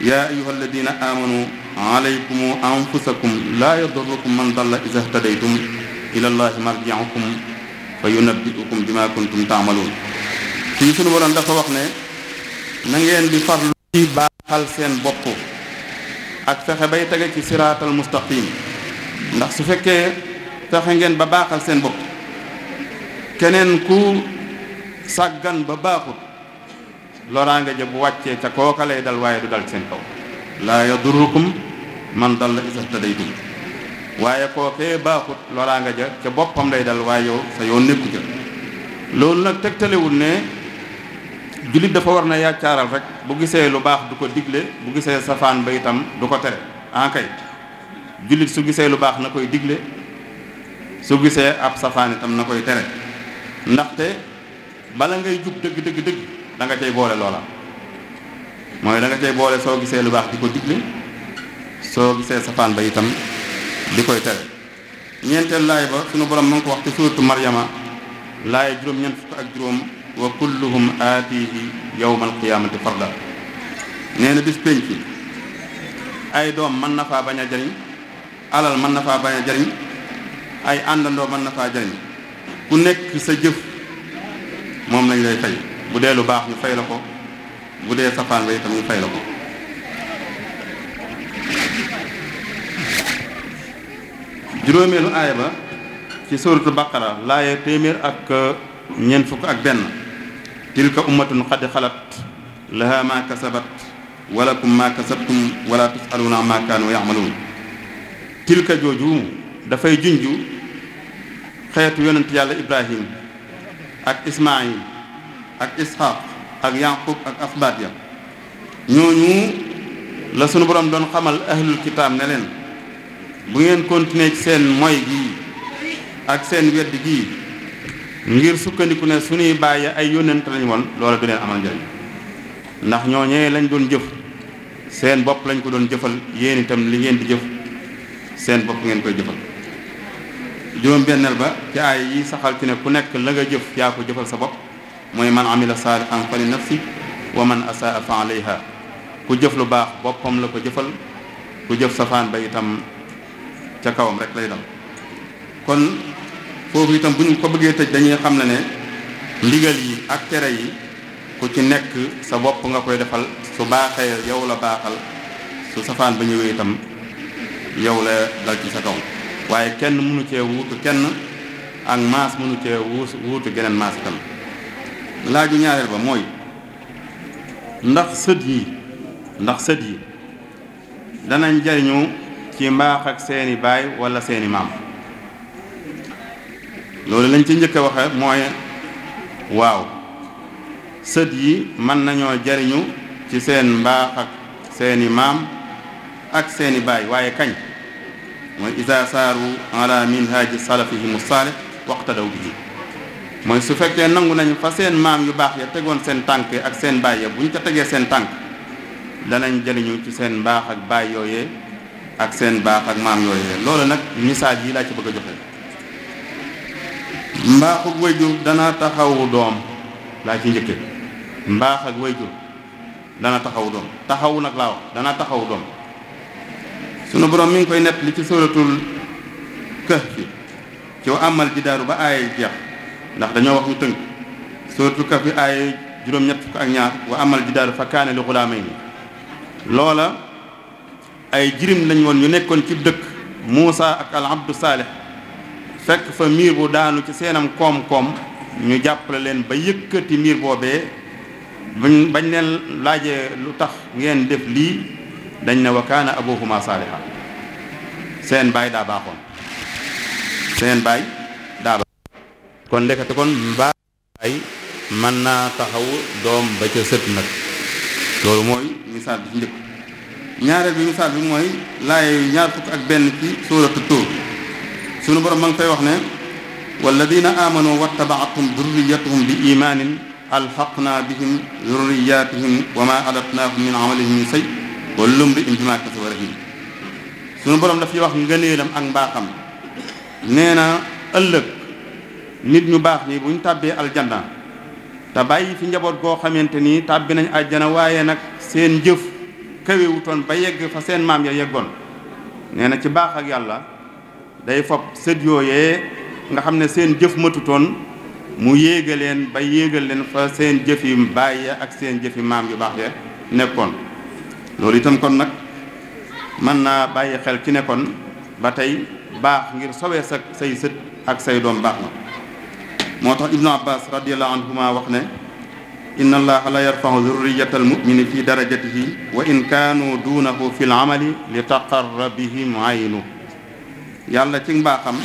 ya ayuha alladina amanu alaykum anfusakum laa yadurrukum man dalla iza htadaytum ila allahi marji'ukum fa yunabbiukum bima kuntum taamaluun fii sunu borom dafa wax ne na ngeen di farlu ci baaxal seen bopp ak fexe bay tege ci siraatal mustaqim ndax su fekkee fexe ngeen ba baaxal seen bopp keneen ku sàggan ba baaxut loraange ja bu wàccee ca kooka lay dal waaye du dal seen kaw laa yadurukum man dalla iza htadaytum waaye kookee baaxut loraa nga ja ca boppam lay dal waaye yow sa yoon nekku ca loolu nag tegtalewul ne jullit dafa war na yàccaaral rek bu gisee lu baax du ko digle bu gisee safaan ba itam du ko tere en ah, jullit su gisee lu baax na koy digle su gisee ab safaan itam na koy tere ndaxte bala ngay jub dëgg dëgg danga da boole loola mooy da nga cay boole soo gisee lu baax di ko digle soo gisee safaan ba itam di koy tere ñeenteel laay ba sunu borom mu ngi ko wax ci suuratu maryama laay juróom ñeent fukk ak juróom wa kulluhum aatihi yawmal qiyaamati farda nee na bis pénc ay doom man na faa bañ a jariñ alal man na faa bañ a jariñ ay àndandoo man na faa jariñ ku nekk sa jëf moom lañ lay fay bu dee lu baax ñu fay la ko bu dee safaan ba itam ñu fay la ko juróomeelu aaya ba ci sóoratu baqara laaya téeméer ak euh, ñeent fukk ak benn tilka ummatun qad xalat laha ma kasabat walakum ma kasabtum wala tusaluna ma kaanu yamaluun tilka jooju dafay junju xeetu yonent yàlla ibrahim ak ismail ak ishaq ak yaqub ak asbaat ya ñooñu la sunu borom doon xamal ahlul kitaab ne bu ngeen continuer ci seen moy gii ak seen wedd gii ngir sukkandiku ne suñuy bàyyi ay yónnent lañ woon loola du leen amal njëriñ ndax ñooñee lañ doon jëf seen bopp lañ ko doon jëfal yéen itam li ngeen di jëf seen bopp ngeen koy jëfal juróom-benneel ba ci aay yi saxal ci ne ku nekk la nga jëf yaa ko jëfal sa bopp mooy man amila saalihan fa li nafsi wa man asaa fa alayha ku jëf lu baax boppam la ko jëfal ku jëf safaan ba itam ca kawam rek lay dal kon foofu itam bu ñu ko bëggee tëj dañuy xam ne ne ndigal yi ak tere yi ku ci nekk sa bopp nga koy defal su baaxee yow la baaxal su safaan ba ñëwee itam yow la dal ci sa kaw waaye kenn mënu cee wuutu kenn ak maas mënu cee wuus wuutu geneen maas itam laaju ñaareel ba mooy ndax sët yi ndax sët yi danañ jariñu ci mbaax ak seeni baay wala seeni maam loolu lañ ci njëkk a waxe mooy waaw sët yi mën nañoo jariñu ci seen mbaax ak seeni maam ak seeni baay waaye kañ mooy isa saaru ala minhaji salafihim saalih waqtadaw bihi mooy su fekkee nangu nañu fa seen maam yu baax ya tegoon seen tànk ak seen baay ya bu ñu ca tegee seen tànk danañ jariñu ci seen mbaax ak baay yooyee ak seen baax ak maam yooyu loolu nag message yi laa ci bëgg a joxe mbaax ak wayjur dana taxawu doom laa ci njëkke mbaax ak wayjur dana taxawu doom taxawu nag laa wax dana taxawu doom sunu borom mi ngi koy nett li ci suratul kahfi ci wa amal jidaaru ba aaya jeex ndax dañoo wax ñu tënk suratul kahfi aaya juróom-ñett fukk ak ñaar wa amal jidaaru fa kaane li xulaamay ni loola ay jirim lañ woon ñu nekkoon ci dëkk Muusa ak al abdu fekk fa miir bu daanu ci seenam koom-koom ñu jàppale leen ba yëkkati miir boobee bañ bañ leen laajee lu tax ngeen def lii dañ ne wa kaana abuhuma saaliha seen baay daa baaxoon seen baay daa baaxoon kon ndekete kon mbaa mën naa taxaw doom ba ca sët nag loolu mooy misaal bi ci njëkk ñaareel bi misaal bi mooy laaye ñaar fukk ak benn ci suuratu Tuur sunu borom ma ngi koy wax ne walladina amanu wattabaathum durriyatuhum bi imaanin alxaqna bihim durriyatihim wa ma alatnahum min amalihim min say wa lumri im bima kasaba rahim sunu borom dafay wax ngëneelam ak mbaaxam nee na ëllëg nit ñu baax ñi buñ tàbbee aljanna te bàyyi fi njaboot goo xamante ni tàbbi nañ aljana waaye nag seen jëf kawewutoon ba yegg fa seen maam ya yeggoon nee na ci baax ak yàlla day fob sët yooyee nga xam ne seen jëf matutoon mu yéega ba yéegal leen fa seen jëf yu baay ak seen jëf yu maam yu baax ya nekkoon loolu itam kon nag mën naa bàyyi xel ci nekkoon ba tey baax ngir sowee sa say sët ak say doom baax na moo tax ibnu abbas radiallahu anhuma wax ne inna allaha la yarfau zurriyata almumini fi darajatihi wa in kaanu duunahu fi lamali li taqarra bihim aynu yàlla ci mbaaxam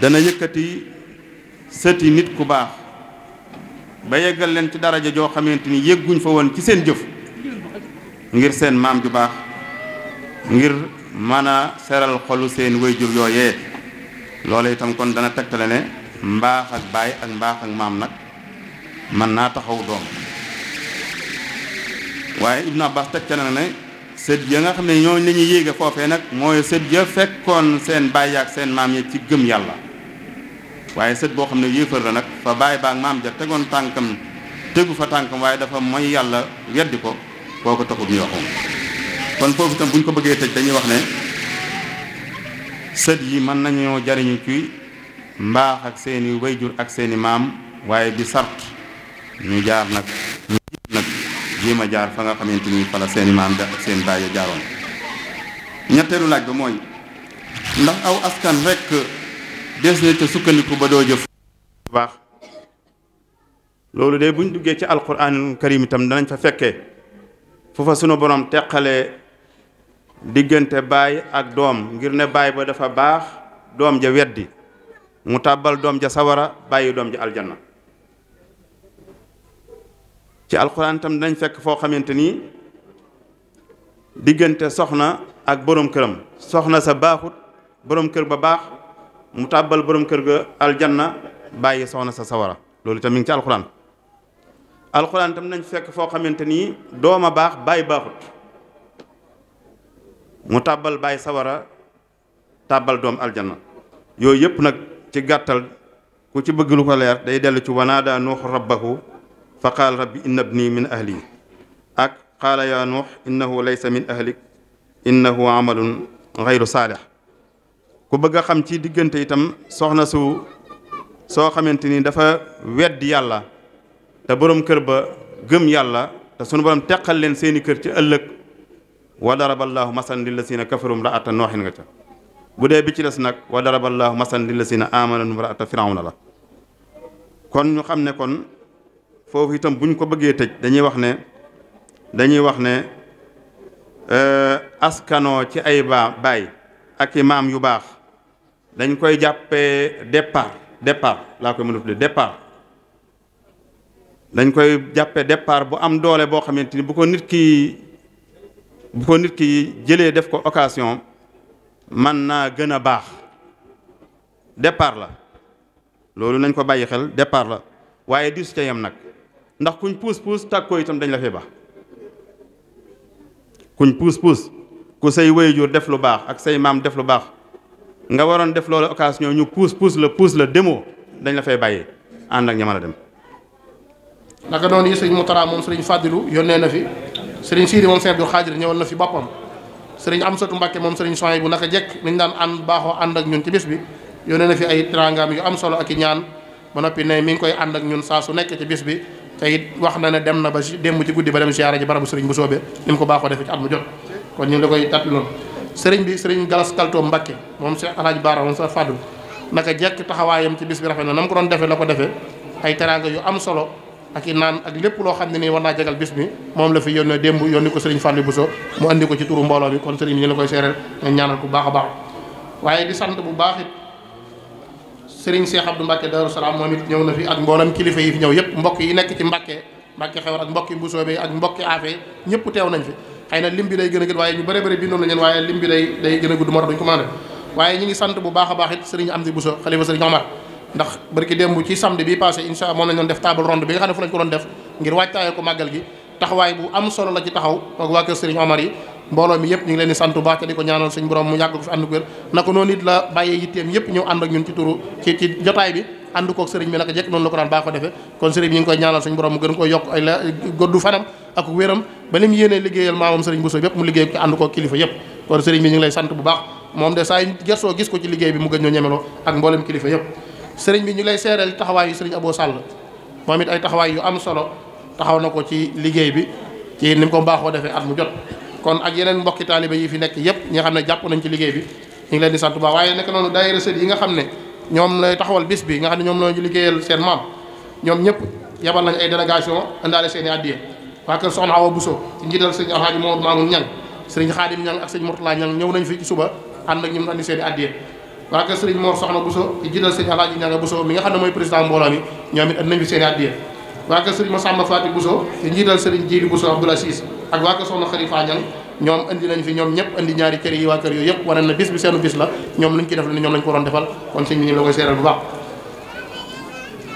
dana yëkkati sëti nit ku baax ba yeggal leen ci daraja joo xamante ni yegguñ fa woon ci seen jëf ngir seen maam ju baax ngir mën a seral xolu seen wayjur yooyee loolu itam kon dana tegtale ne mbaax ak baay ak mbaax ak maam nag mën naa taxaw doom waaye Ibnu Abbas teg ca na ne set ya nga xam ne ñoo la ñuy yéege foofee nag mooy set ya fekkoon seen baay ak seen maam ya ci gëm yàlla waaye sët boo xam ne yéefar la nag fa baay baak maam ja tegoon tànkam tegu fa tànkam waaye dafa mooy yàlla weddi ko kooku taxul ñu waxoon kon foofu itam bu ñu ko bëggee tëj dañuy wax ne sët yi mën nañoo jariñu ci mbaax ak seeni wayjur ak seeni maam waaye bi sart ñu jaar nag ñu nag jéem jaar fa nga xamante ni fa la seen imaam da seen baay jaaroon ñetteelu laaj ba mooy ndax aw askan rekk des na te sukkandiku ba doo jëf baax loolu de buñ duggee ci alquraanul karim itam danañ fa fekke fu fa sunu borom teqalee diggante baay ak doom ngir ne baay ba dafa baax doom ja weddi mu tàbbal doom ja sawara bàyyi doom ja aljana ci alxuraan tam dinañ fekk foo xamante ni diggante soxna ak boroom këram soxna sa baaxut boroom kër ba baax mu tàbbal boroom kër ga aljanna bàyyi soxna sa sawara loolu itam mi ngi ci alxuraan alxuraan tam nañ fekk foo xamante ni doom a baax bàyyi baaxut mu tàbbal bàyyi sawara tàbbal doom aljanna yooyu yëpp nag ci gàttal ku ci bëggulu ko leer day dellu ci wanaa daa nuux rabbahu fa qaal rabbi inna bni min ahli ak qaala yaa nuux innahu laysa min ahlik innahu amalun ku bëgg a xam ci diggante itam soxna su soo xamante ni dafa weddi yàlla te boroom kër ba gëm yàlla te sunu borom teqal leen seeni kër ci ëllëg wa daraballaahu masan lillazina kafaru imraata nooxin nga ca nag wa daraballaahu la kon ñu xam ne kon foofu itam buñ ko bëggee tëj dañuy wax ne dañuy wax ne euh, askanoo ci ay ba baay ak i maam yu baax dañ koy jàppee départ départ laa koy mën a tuddee départ dañ koy jàppee départ bu am doole boo xamante ni bu ko nit ki bu ko nit ki jëlee def ko occasion man naa gën a baax départ la loolu nañ ko bàyyi xel départ la waaye diisu ca yam nag ndax kuñ puus puus tàkkoo itam dañ la fi ba kuñ puus ku say wayjur def lu baax ak say maam def lu baax nga waroon def loolu occasion ñu puus puus la puus la demoo dañ la fay bàyyee ànd ak ña mën a dem naka noonu yi sëriñ Moutara moom sëriñ Fàddilu yónnee na fi sëriñ Siidi moom sëriñ Abdul Xaadir ñëwoon na fi boppam sëriñ Amsatu Mbàkke moom sëriñ Soy bu naka jekk niñ daan ànd baaxoo ànd ak ñun ci bis bi yónnee na fi ay teraangaam yu am solo ak i ñaan ba noppi ne mi ngi koy ànd ak ñun saa su nekk ci bis bi te it wax na ne dem na ba démb ci guddi ba dem siyaara ji barabu sëriñ bu soobe ni mu ko baaxoo defee ci at jot kon ñu la koy tàttu loolu sëriñ bi sëriñ Galas Kaltoom Mbakke moom Cheikh Alhaji Baara moom sa fàddu naka jekk taxawaayam ci bis bi rafet na na mu ko doon defee la ko defee ay teraanga yu am solo ak i naan ak lépp loo xam ne nii war naa jagal bis bi moom la fi yónnee démb yónni ko sëriñ Fallou Bousso mu andi ko ci turu mbooloo bi kon sëriñ a sëriñ Cheikh Abdou Mbacke Darou Salaam moom it ñëw na fi ak mboolem kilifa yi fi ñëw yëpp mbokk yi nekk ci Mbacke Mbacke xewar ak mbokki mbusoobe ak mbokki aafe ñëpp teew nañ fi xëy na lim bi day gën a gudd waaye ñu bëri bëri bindoon nañ leen waaye a gudd moo tax duñ ko mën waaye ñi ngi sant bu baax a baax it sëriñ Amdi xalifa sëriñ Omar ndax barki démb ci samedi bi passé insha moom lañ doon def table ronde bi nga xam ne fu lañ ko doon def ngir waajtaayee ko màggal gi taxawaay bu am solo la ci taxaw ak mbooloo mi yëpp ñu ngi leen sant bu baax te di ko ñaanal suñ borom mu yàgg ko fi ànd ko wér na ko noonu it la bàyyee yitteem yëpp ñëw ànd ak ñun ci turu ci ci jotaay bi ànd koog sëriñ bi ko daan baax ko defee kon sëriñ ñu ak wéram ba li mu liggéeyal maamam sëriñ Bousso yëpp ko ànd koog kilifa yëpp kon lay sant bu baax moom de saa yu gersoo gis ko mu gën ñoo ñemeloo ak mboolem kilifa yëpp sëriñ bi ñu lay seereel taxawaay yu sëriñ Abo Sall moom it ay taxawaay yu am solo taxaw na ko ci liggéey bi ci ni mu ko baaxoo defee at mu jot kon ak yeneen mbokki taaliba yi fi nekk yëpp ñi nga xam ne jàpp nañ ci liggéey bi ñu leen di sant baax waaye nekk noonu daayira sët yi nga xam ne ñoom lay taxawal bis bi nga xam ne ñoom lañu liggéeyal seen maam ñoom ñëpp yabal nañ ay délégation indaale seen i addiye waa kër soxna Awa Bousso ci njiital sëñ Alhaaji Mamadou Mamoun Ñang sëriñ Xaadim Ñang ak sëñ ñëw nañ fi ci suba ànd ak ñoom andi seen i addiye waa kër sëriñ Mor soxna Bousso ci njiital sëñ nga xam ne mooy président mbooloo mi ñoom it andi nañ fi waa kër sëriñ Massamba Faty Bousso ci njiital sëriñ Jiili Bousso Abdoul Aziz ak waa kër soxna Xari Fañal ñoom indi nañ fi ñoom ñëpp indi ñaari kër yi waa kër yooyu yëpp wane na bis bi seenu bis la ñoom luñ ci def la ne ñoom lañ ko waroon defal kon sëñ bi ñu la koy seeral bu baax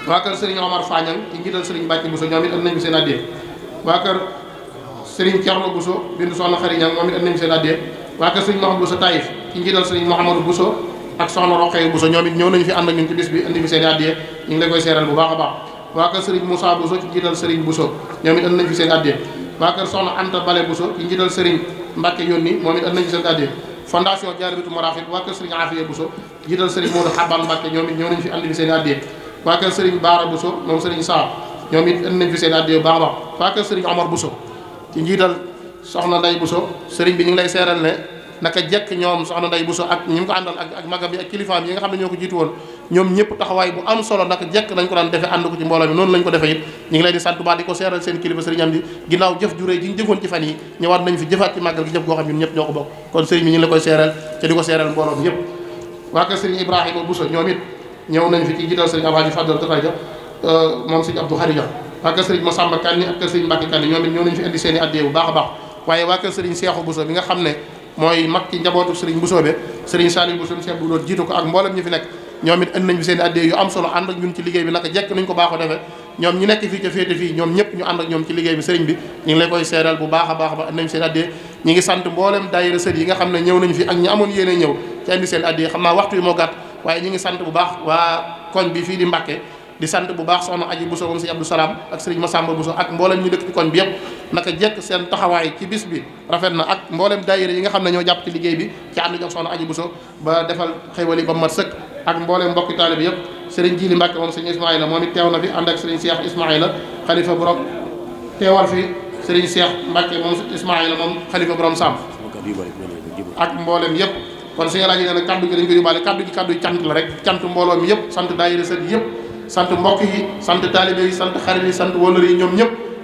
waa kër sëriñ Omar Fañal ci njiital sëriñ Bàcci Bousso ñoom it indi nañ fi seen addiyee waa kër sëriñ Ceerno Bousso bindu soxna Xari Ñal moom it indi fi seen addiyee waa kër ak soxna Roqee Bousso ñoom it ñëw nañu fi ànd ak ñun ci bis bi indi fi seen addiyee ñu la koy seeral bu baax a baax waa kër Serigne Moussa Bousso ci njiital Serigne Bousso ñoom it ënd nañ fi seen addiya waa kër Soxna Anta Bale Bousso ci njiital Serigne Mbacke Yónni moom it ënd nañ fi seen addiya fondation Diarabatoul Marafik waa kër Serigne Afia Bousso njiital ñoom it ñëw nañ fi andi fi seen addiya waa kër Serigne Baara Bousso moom Serigne Sarr ñoom it ënd nañ fi seen addiya baax waa kër Serigne Omar Bousso ci njiital Soxna Nday Bousso Serigne bi ñu ngi lay seeral ne naka jekk ñoom soxna Ndey Buso ak ñi mu ko àndal ak magam yi ak kilifaam yi nga xam ne ñoo ko jiitu woon ñoom ñëpp taxawaay bu am solo naka jekk nañ ko daan defe ànd ko ci mbooloo mi noonu lañ ko defe it ñu ngi leen di sant baax di ko seeral seen kilifa sëriñ yi ñëwaat xam ñun ñoo ko bokk kon waa ñoom it euh, ñoom it fi indi seen i bu baax baax waaye waa kër sëriñ Seexu Buso bi nga xam ne mooy mag ci njabootu Serigne Mbusoobe Serigne Saliou Mbusoobe Cheikh bu loolu jiitu ko ak mboolem ñi fi nekk ñoom it indi nañ fi seen adde yu am solo ànd ak ñun ci liggéey bi naka jekk nuñ ko baaxoo defee ñoom ñi nekk fii ca féete fii ñoom ñëpp ñu ànd ak ñoom ci liggéey bi sëriñ bi ñu ngi lay koy seeral bu baax a baax ba indi nañ seen adde ñi ngi sant mboolem daayira sër yi nga xam ne ñëw nañ fi ak ñi amoon yéene ñëw ci indi seen adde xam naa waxtu yi moo gàtt waaye ñi ngi sant bu baax waa koñ bi fii di Mbàkke di sant bu baax soxna aji Bousso moom sëñ Abdou Salam ak sëriñ Massamba Bousso ak mboolem ñu dëkk ci koñ bi yëpp naka jekk seen taxawaay ci bis bi rafet na ak mboolem daayira yi nga xam ne ñoo jàpp ci liggéey bi ci ànd jox soxna aji Buso ba defal xéwal yi ba mat sëkk ak mboolem mbokki taalibi yëpp sëriñ Jili Mbàkke moom sëriñ Ismaïla moom it teew na fi ànd ak sëriñ Cheikh Ismaïla xalifa borom moom Ismaïla moom xalifa borom yëpp kon suñu laaj yi ne kaddu gi dañ ko yóbbaale kaddu gi kaddu yi cant la rek yëpp sant daayira sët sant mbokk yi sant taalibe yi sant xarit yi sant wóllër ñoom ñëpp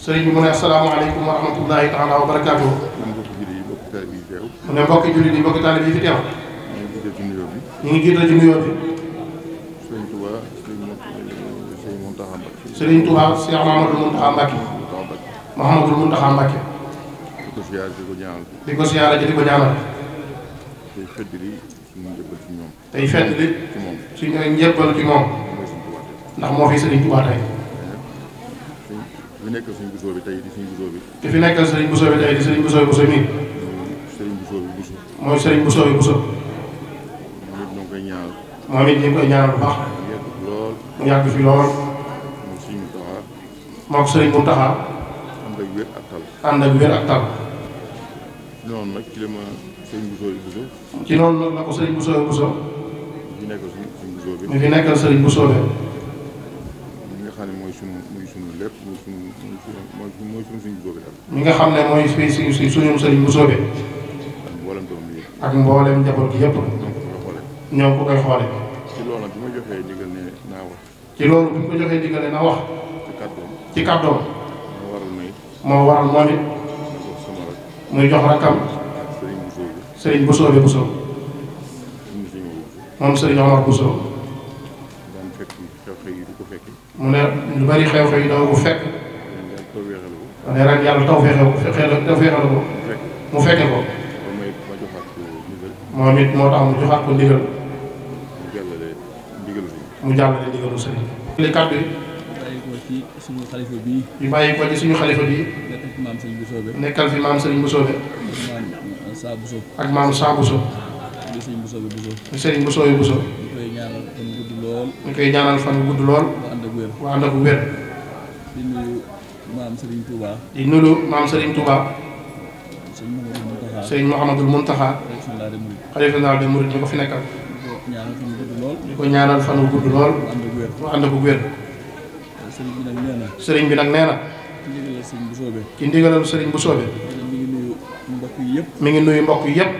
sëriñ bi mu ne asalaamaaleykum wa rahmatullahi taala wa barakaatu. mu ne mbokki jullit yi mbokki taalib yi fi teew. ñu ngi jiital ci nuyoo bi. sëriñ Touba Cheikh Mamadou Mountakha Mbacké. Mouhamadou Mountakha Mbacké. di ko siyaare di ko ñaanal. di ko siyaare di ko ñaanal. tey fedd li suñu njëbbal ci moom. tey fedd li suñu njëbbal ci moom. ndax moo fi sëriñ Touba fi nekkal sëriñ Bousso bi tey di sëriñ Bousso bi. ki fi nekkal sëriñ Bousso bi tey di sëriñ Bousso bi Bousso mi. sëriñ Bousso bi Bousso. mooy sëriñ Bousso bi Bousso. moom it ñoo ngi koy ñaanal. moom it ñu ngi koy ñaanal bu baax. mu yàgg fi lool. moo ko sëriñ Mountakha. ànd ak wér ak tal. ànd ak wér ak tal. noonu nag ci la ma sëriñ Bousso bi Bousso. ci noonu la ko sëriñ Bousso bi Bousso. ñu fi nekkal sëriñ Bousso bi. ñu fi nekkal sëriñ Bousso bi. mooy sunu mooy sunu lépp mooy sunu mooy sunu mooy nga xam ne mooy suñu suñu sëriñ bu soobee. ak mboolem doom bi yëpp. ñoo ko koy xoolee. ci loolu nag bi ma joxee ndigal ne naa wax. ci loolu bi ma joxee ndigal ne naa wax. ci kàddoom ci moo waral moo waral muy jox rakkam. sëriñ bu soobee bu soobee. moom sëriñ Omar bu soobee. mu ne lu bari xew-xew yi dama ko fekk mu ne ren yàlla taw fexe taw fexelu ko mu fekke ko moom it moo tax mu joxaat ko ndigal mu jàllale ndigalu sëñ bi li kàddu yi suñu xalifa bi yu bàyyi ko ci suñu xalifa bi nekkal fi maam sëriñ Bousobe ak maam Saa Bousobe di sëriñ Bousobe Bousobe ñu koy ñaanal fan gudd lool ñu koy ñaanal fan gudd lool waaw na ko wér. di nuyu maam Serigne Touba. di nuyu maam Serigne Touba. sëñ Mouhamadul Mountakha. xalifa général des Mourides ñu ko fi nekkal. di ko ñaanal fan wu gudd lool. mu ànd ak wér. sëriñ bi nag nee na. sëriñ bi nag ci ndigalal sëriñ bu soobee. mi yëpp. mi ngi nuyu mbokk yi yëpp.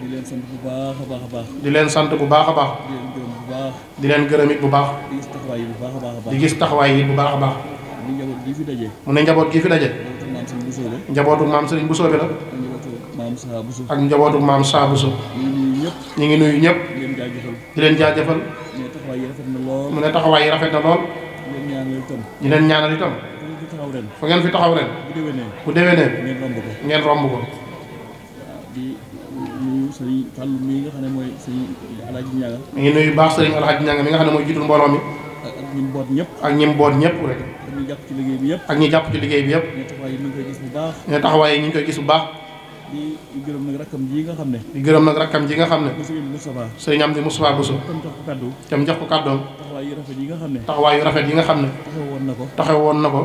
di leen sant bu baax a baax a baax. di leen sant bu baax a baax. di leen gërëm it bu baax. di gis taxawaay yi bu baax a baax. di gis taxawaay bu baax a baax. mu ne njaboot gii fi daje. mu ne njaboot gii fi daje. njabootu maam Serigne Bousso bi la. ak njabootu maam Saa Bousso. ñu ngi nuyu ñëpp. di leen jaajëfal. mu ne taxawaay yi rafet na lool. di leen ñaanal itam. fa ngeen fi taxaw ren. bu déwénee ngeen romb ko. sëriñ Fallou mi nga xam ne mooy sëriñ Alaaji Ñanga mi ngi nuyu baax sëriñ Alaaji Ñanga mi nga xam ne mooy jiitul mbooloo mi ak ñi boot ñëpp ak ñi boot ñëpp rek ak ñi jàpp ci liggéey bi yëpp ak jàpp ci liggéey bi yëpp ne taxawaay yi ñu ngi koy gis bu baax ne taxawaay yi ñu ngi koy gis bu baax di gërëm nag rakkam ji nga xam ne. di gërëm nag rakkam ji nga xam ne. sëriñ Amdi Moustapha Bousso. tam jox ko kàddu. tam jox ko kàddoom. taxawaay rafet yi nga xam ne. taxawaay yu rafet yi nga xam ne. taxawoon na ko. taxawoon na ko.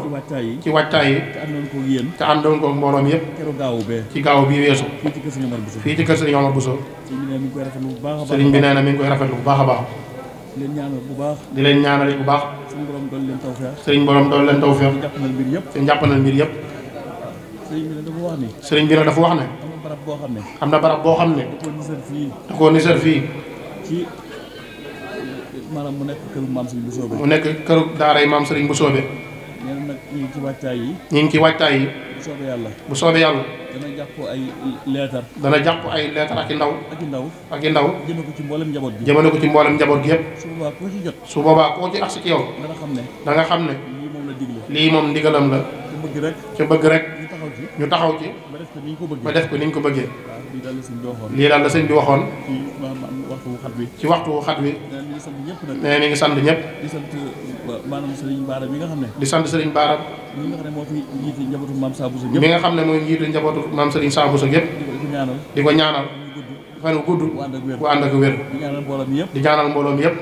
ci waajtaay yi ci te àndoon ko yéen. te àndoon mbooloom yëpp. keroog bee. ci gaawu bi weesu. fii ci kër sëriñ Omar Bousso. fii ci kër sëriñ Omar Bousso. sëriñ mi ngi koy rafetlu bu baax a baax. di leen ñaanal bu baax di leen ñaanal bu baax sëriñ borom dool leen tawfeex sëriñ borom dool leen te njàppanal mbir yëpp sëriñ bi dafa wax ne. sëriñ bi ne. am xam ne. am na barab boo xam ne. da koo nisar fii. ci maanaam mu nekk këru maam sëriñ bu soobee. mu nekk këru daaray maam sëriñ bu soobee. nee na nag yi. ñu ngi ci waajtaay yi. yàlla. bu soobee yàlla. dana jàpp ay leetar. dana jàpp ay leetar ak ndaw. ak i ndaw ak i ndaw. jëmee ko ci mboolem njaboot gi. jëmee ko ci mboolem njaboot gi yëpp. su boobaa koo ci jot. su boobaa koo ci agsi ci yow. da xam ne. da xam ne. lii moom la digle. lii moom ndigalam la. ca bëgg rek. ñu taxaw ci ba def ko ni ñu ko bëggee lii daal la sëñ bi waxoon ci waxtu wu xat wi nee ni ngi sant ñëpp di sant sëriñ Baara mi nga xam ne di sant sëriñ mi nga xam ne moo fi jiite njabootu maam Saabousso mi nga xam ne mooy jiite njabootu maam sëriñ Saabousso yëpp di ko ñaanal fan wu gudd bu ànd ak wér di ñaanal mbooloo mi yëpp di ñaanal mbooloo mi yëpp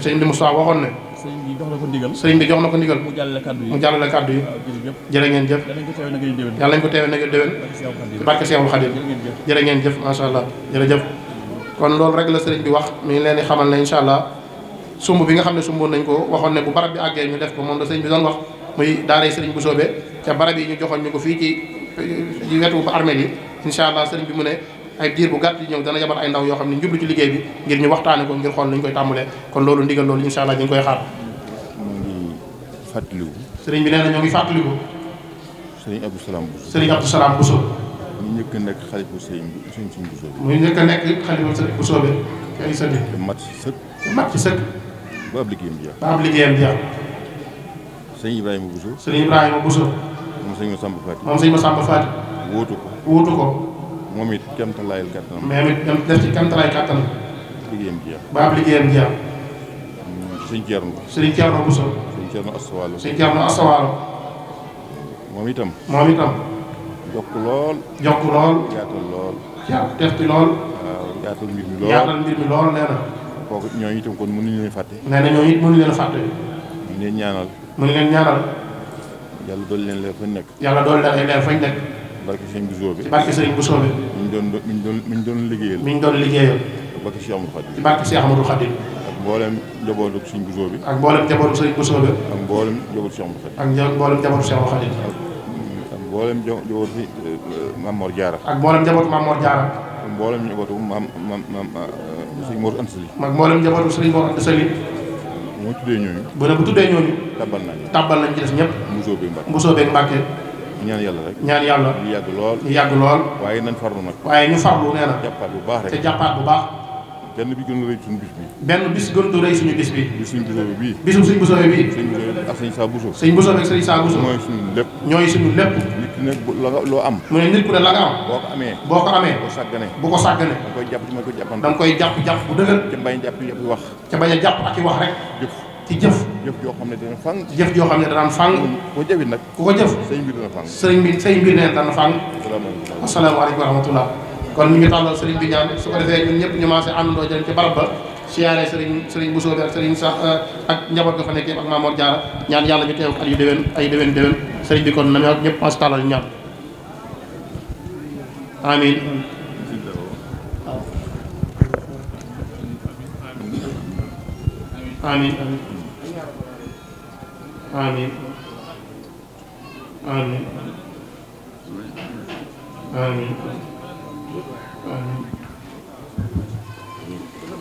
sëriñ bi waxoon ne sëriñ bi jox na ko ndigal bi na ko ndigal mu jàllale kàddu yi mu ngeen jëf yàlla nañ ko teewee nag déwén ci barke Seexul Xadim jërë ngeen jëf macha allah jërëjëf kon loolu rek la sëriñ bi wax mi ngi xamal ne incha allah sumb bi nga xam ne sumboon nañ ko waxoon ne bu barab bi àggee ñu def ko moom la sëriñ bi doon wax muy daaree sëriñ bu soobee ca barab yi ñu joxoon ñu ko fii ci wetu armée yi incha allah sëriñ bi mu ne ay diir bu gàtt yi ñëw dana yabal ay ndaw yoo xam ne njublu ci liggéey bi ngir ñu waxtaane ko ngir xool nañ koy tàmbalee kon loolu ndigal loolu incha allah ñu ngi koy xaar fàttaliku sëriñ bi nee na ñoo ngi fàttaliku sëriñ Abdou Salam mu njëkk a nekk xalifu sëriñ bi sëriñ suñ Bousso njëkk a nekk xalifu sëriñ Bousso bi ay sëriñ te mat ci sëkk te mat ci sëkk ba ab liggéeyam jeex ba ab liggéeyam jeex sëriñ Ibrahima Bousso sëriñ Ibrahima Bousso moom sëriñ Massamba Fati moom sëriñ Massamba Fati wóotu wóotu ko moom it kemtalaayal kattanam. moom it dem def ci kemtalaay kattanam. liggéeyam jeex. ba ab liggéeyam jeex. sëñ Thierno. sëñ Thierno Bousso. sëñ Thierno Astawaalo. sëñ Thierno Astawaalo. moom itam. moom itam. jokk lool. jokk lool. yaatal lool. ja def ci lool. waaw yaatal mbir mi lool yaatal mbir mi ñooñu itam kon mënuñu fàtte. nee ñooñu it mënuñu leen fàtte. ñu leen ñaanal. mënuñ leen ñaanal. yàlla dool leen leer fañ nekk. yàlla dool leen leer fañ nekk. barke sëñ Bousso bi barke sëñ Bousso bi mi ñu doon mi ñu mi ñu doon liggéeyal mi ñu doon liggéeyal barke Cheikh Amadou Khadim barke Cheikh Amadou Khadim ak mboolem njabootu sëñ Bousso bi ak mboolem njabootu sëñ Bousso bi ak mboolem njabootu Cheikh Amadou Khadim ak mboolem njabootu Cheikh ak mboolem njabootu eh, Mamor Diarra ak mboolem njabootu Mamor Diarra ak mboolem njabootu mam mam mam eh, sëñ Mor Anta Sali ak mboolem njabootu sëñ Mor Anta Sali bu ne bu tuddee ñooñu tabal nañ tabal nañ ci des ñëpp Mbuso beeg Mbàkke ñaan yàlla rek ñaan yàlla ñu yàgg ñu yàgg lool waaye nañ farlu nag waaye ñu farlu nee na jàppaat bu baax rek te bu baax benn bi gën a rëy suñu benn bis suñu bis bi bis suñu Bousso bi bisum suñu Bousso bi sëñ ak sëñ Saa Bousso sëñ Bousso ak sëñ Saa Bousso ñooy suñu lépp la loo am mu ne boo amee boo ko amee boo sàggane bu ko jàpp ci ma ko jàppan danga koy jàpp jàpp bu dëgër ca bañ a jàpp wax ca bañ a jàpp ak i wax rek ci jëf jëf joo xam ne dana fang. jëf joo xam ne dana fang. ku ko jëfit nag. ku ko jëf sëñ bi dana fang. sëñ bi sëñ bi nee dana fang. asalaamaaleykum wa rahmatullah kon ñu ngi tàllal sëriñ bi ñaan su ko defee ñun ñëpp ñu maase àndandoo jëm ci barab ba siyaare sëriñ sëriñ Bousso bi ak sëriñ sax euh, ak njaboot ga fa nekk ak Mamour Diarra ñaan yàlla ñu teew ay déwén ay déwén déwén sëriñ bi kon na ñu ñëpp maase tàllal ñaan amiin amiin amiin آمين آمين آمين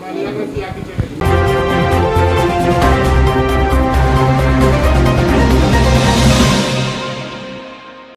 آمين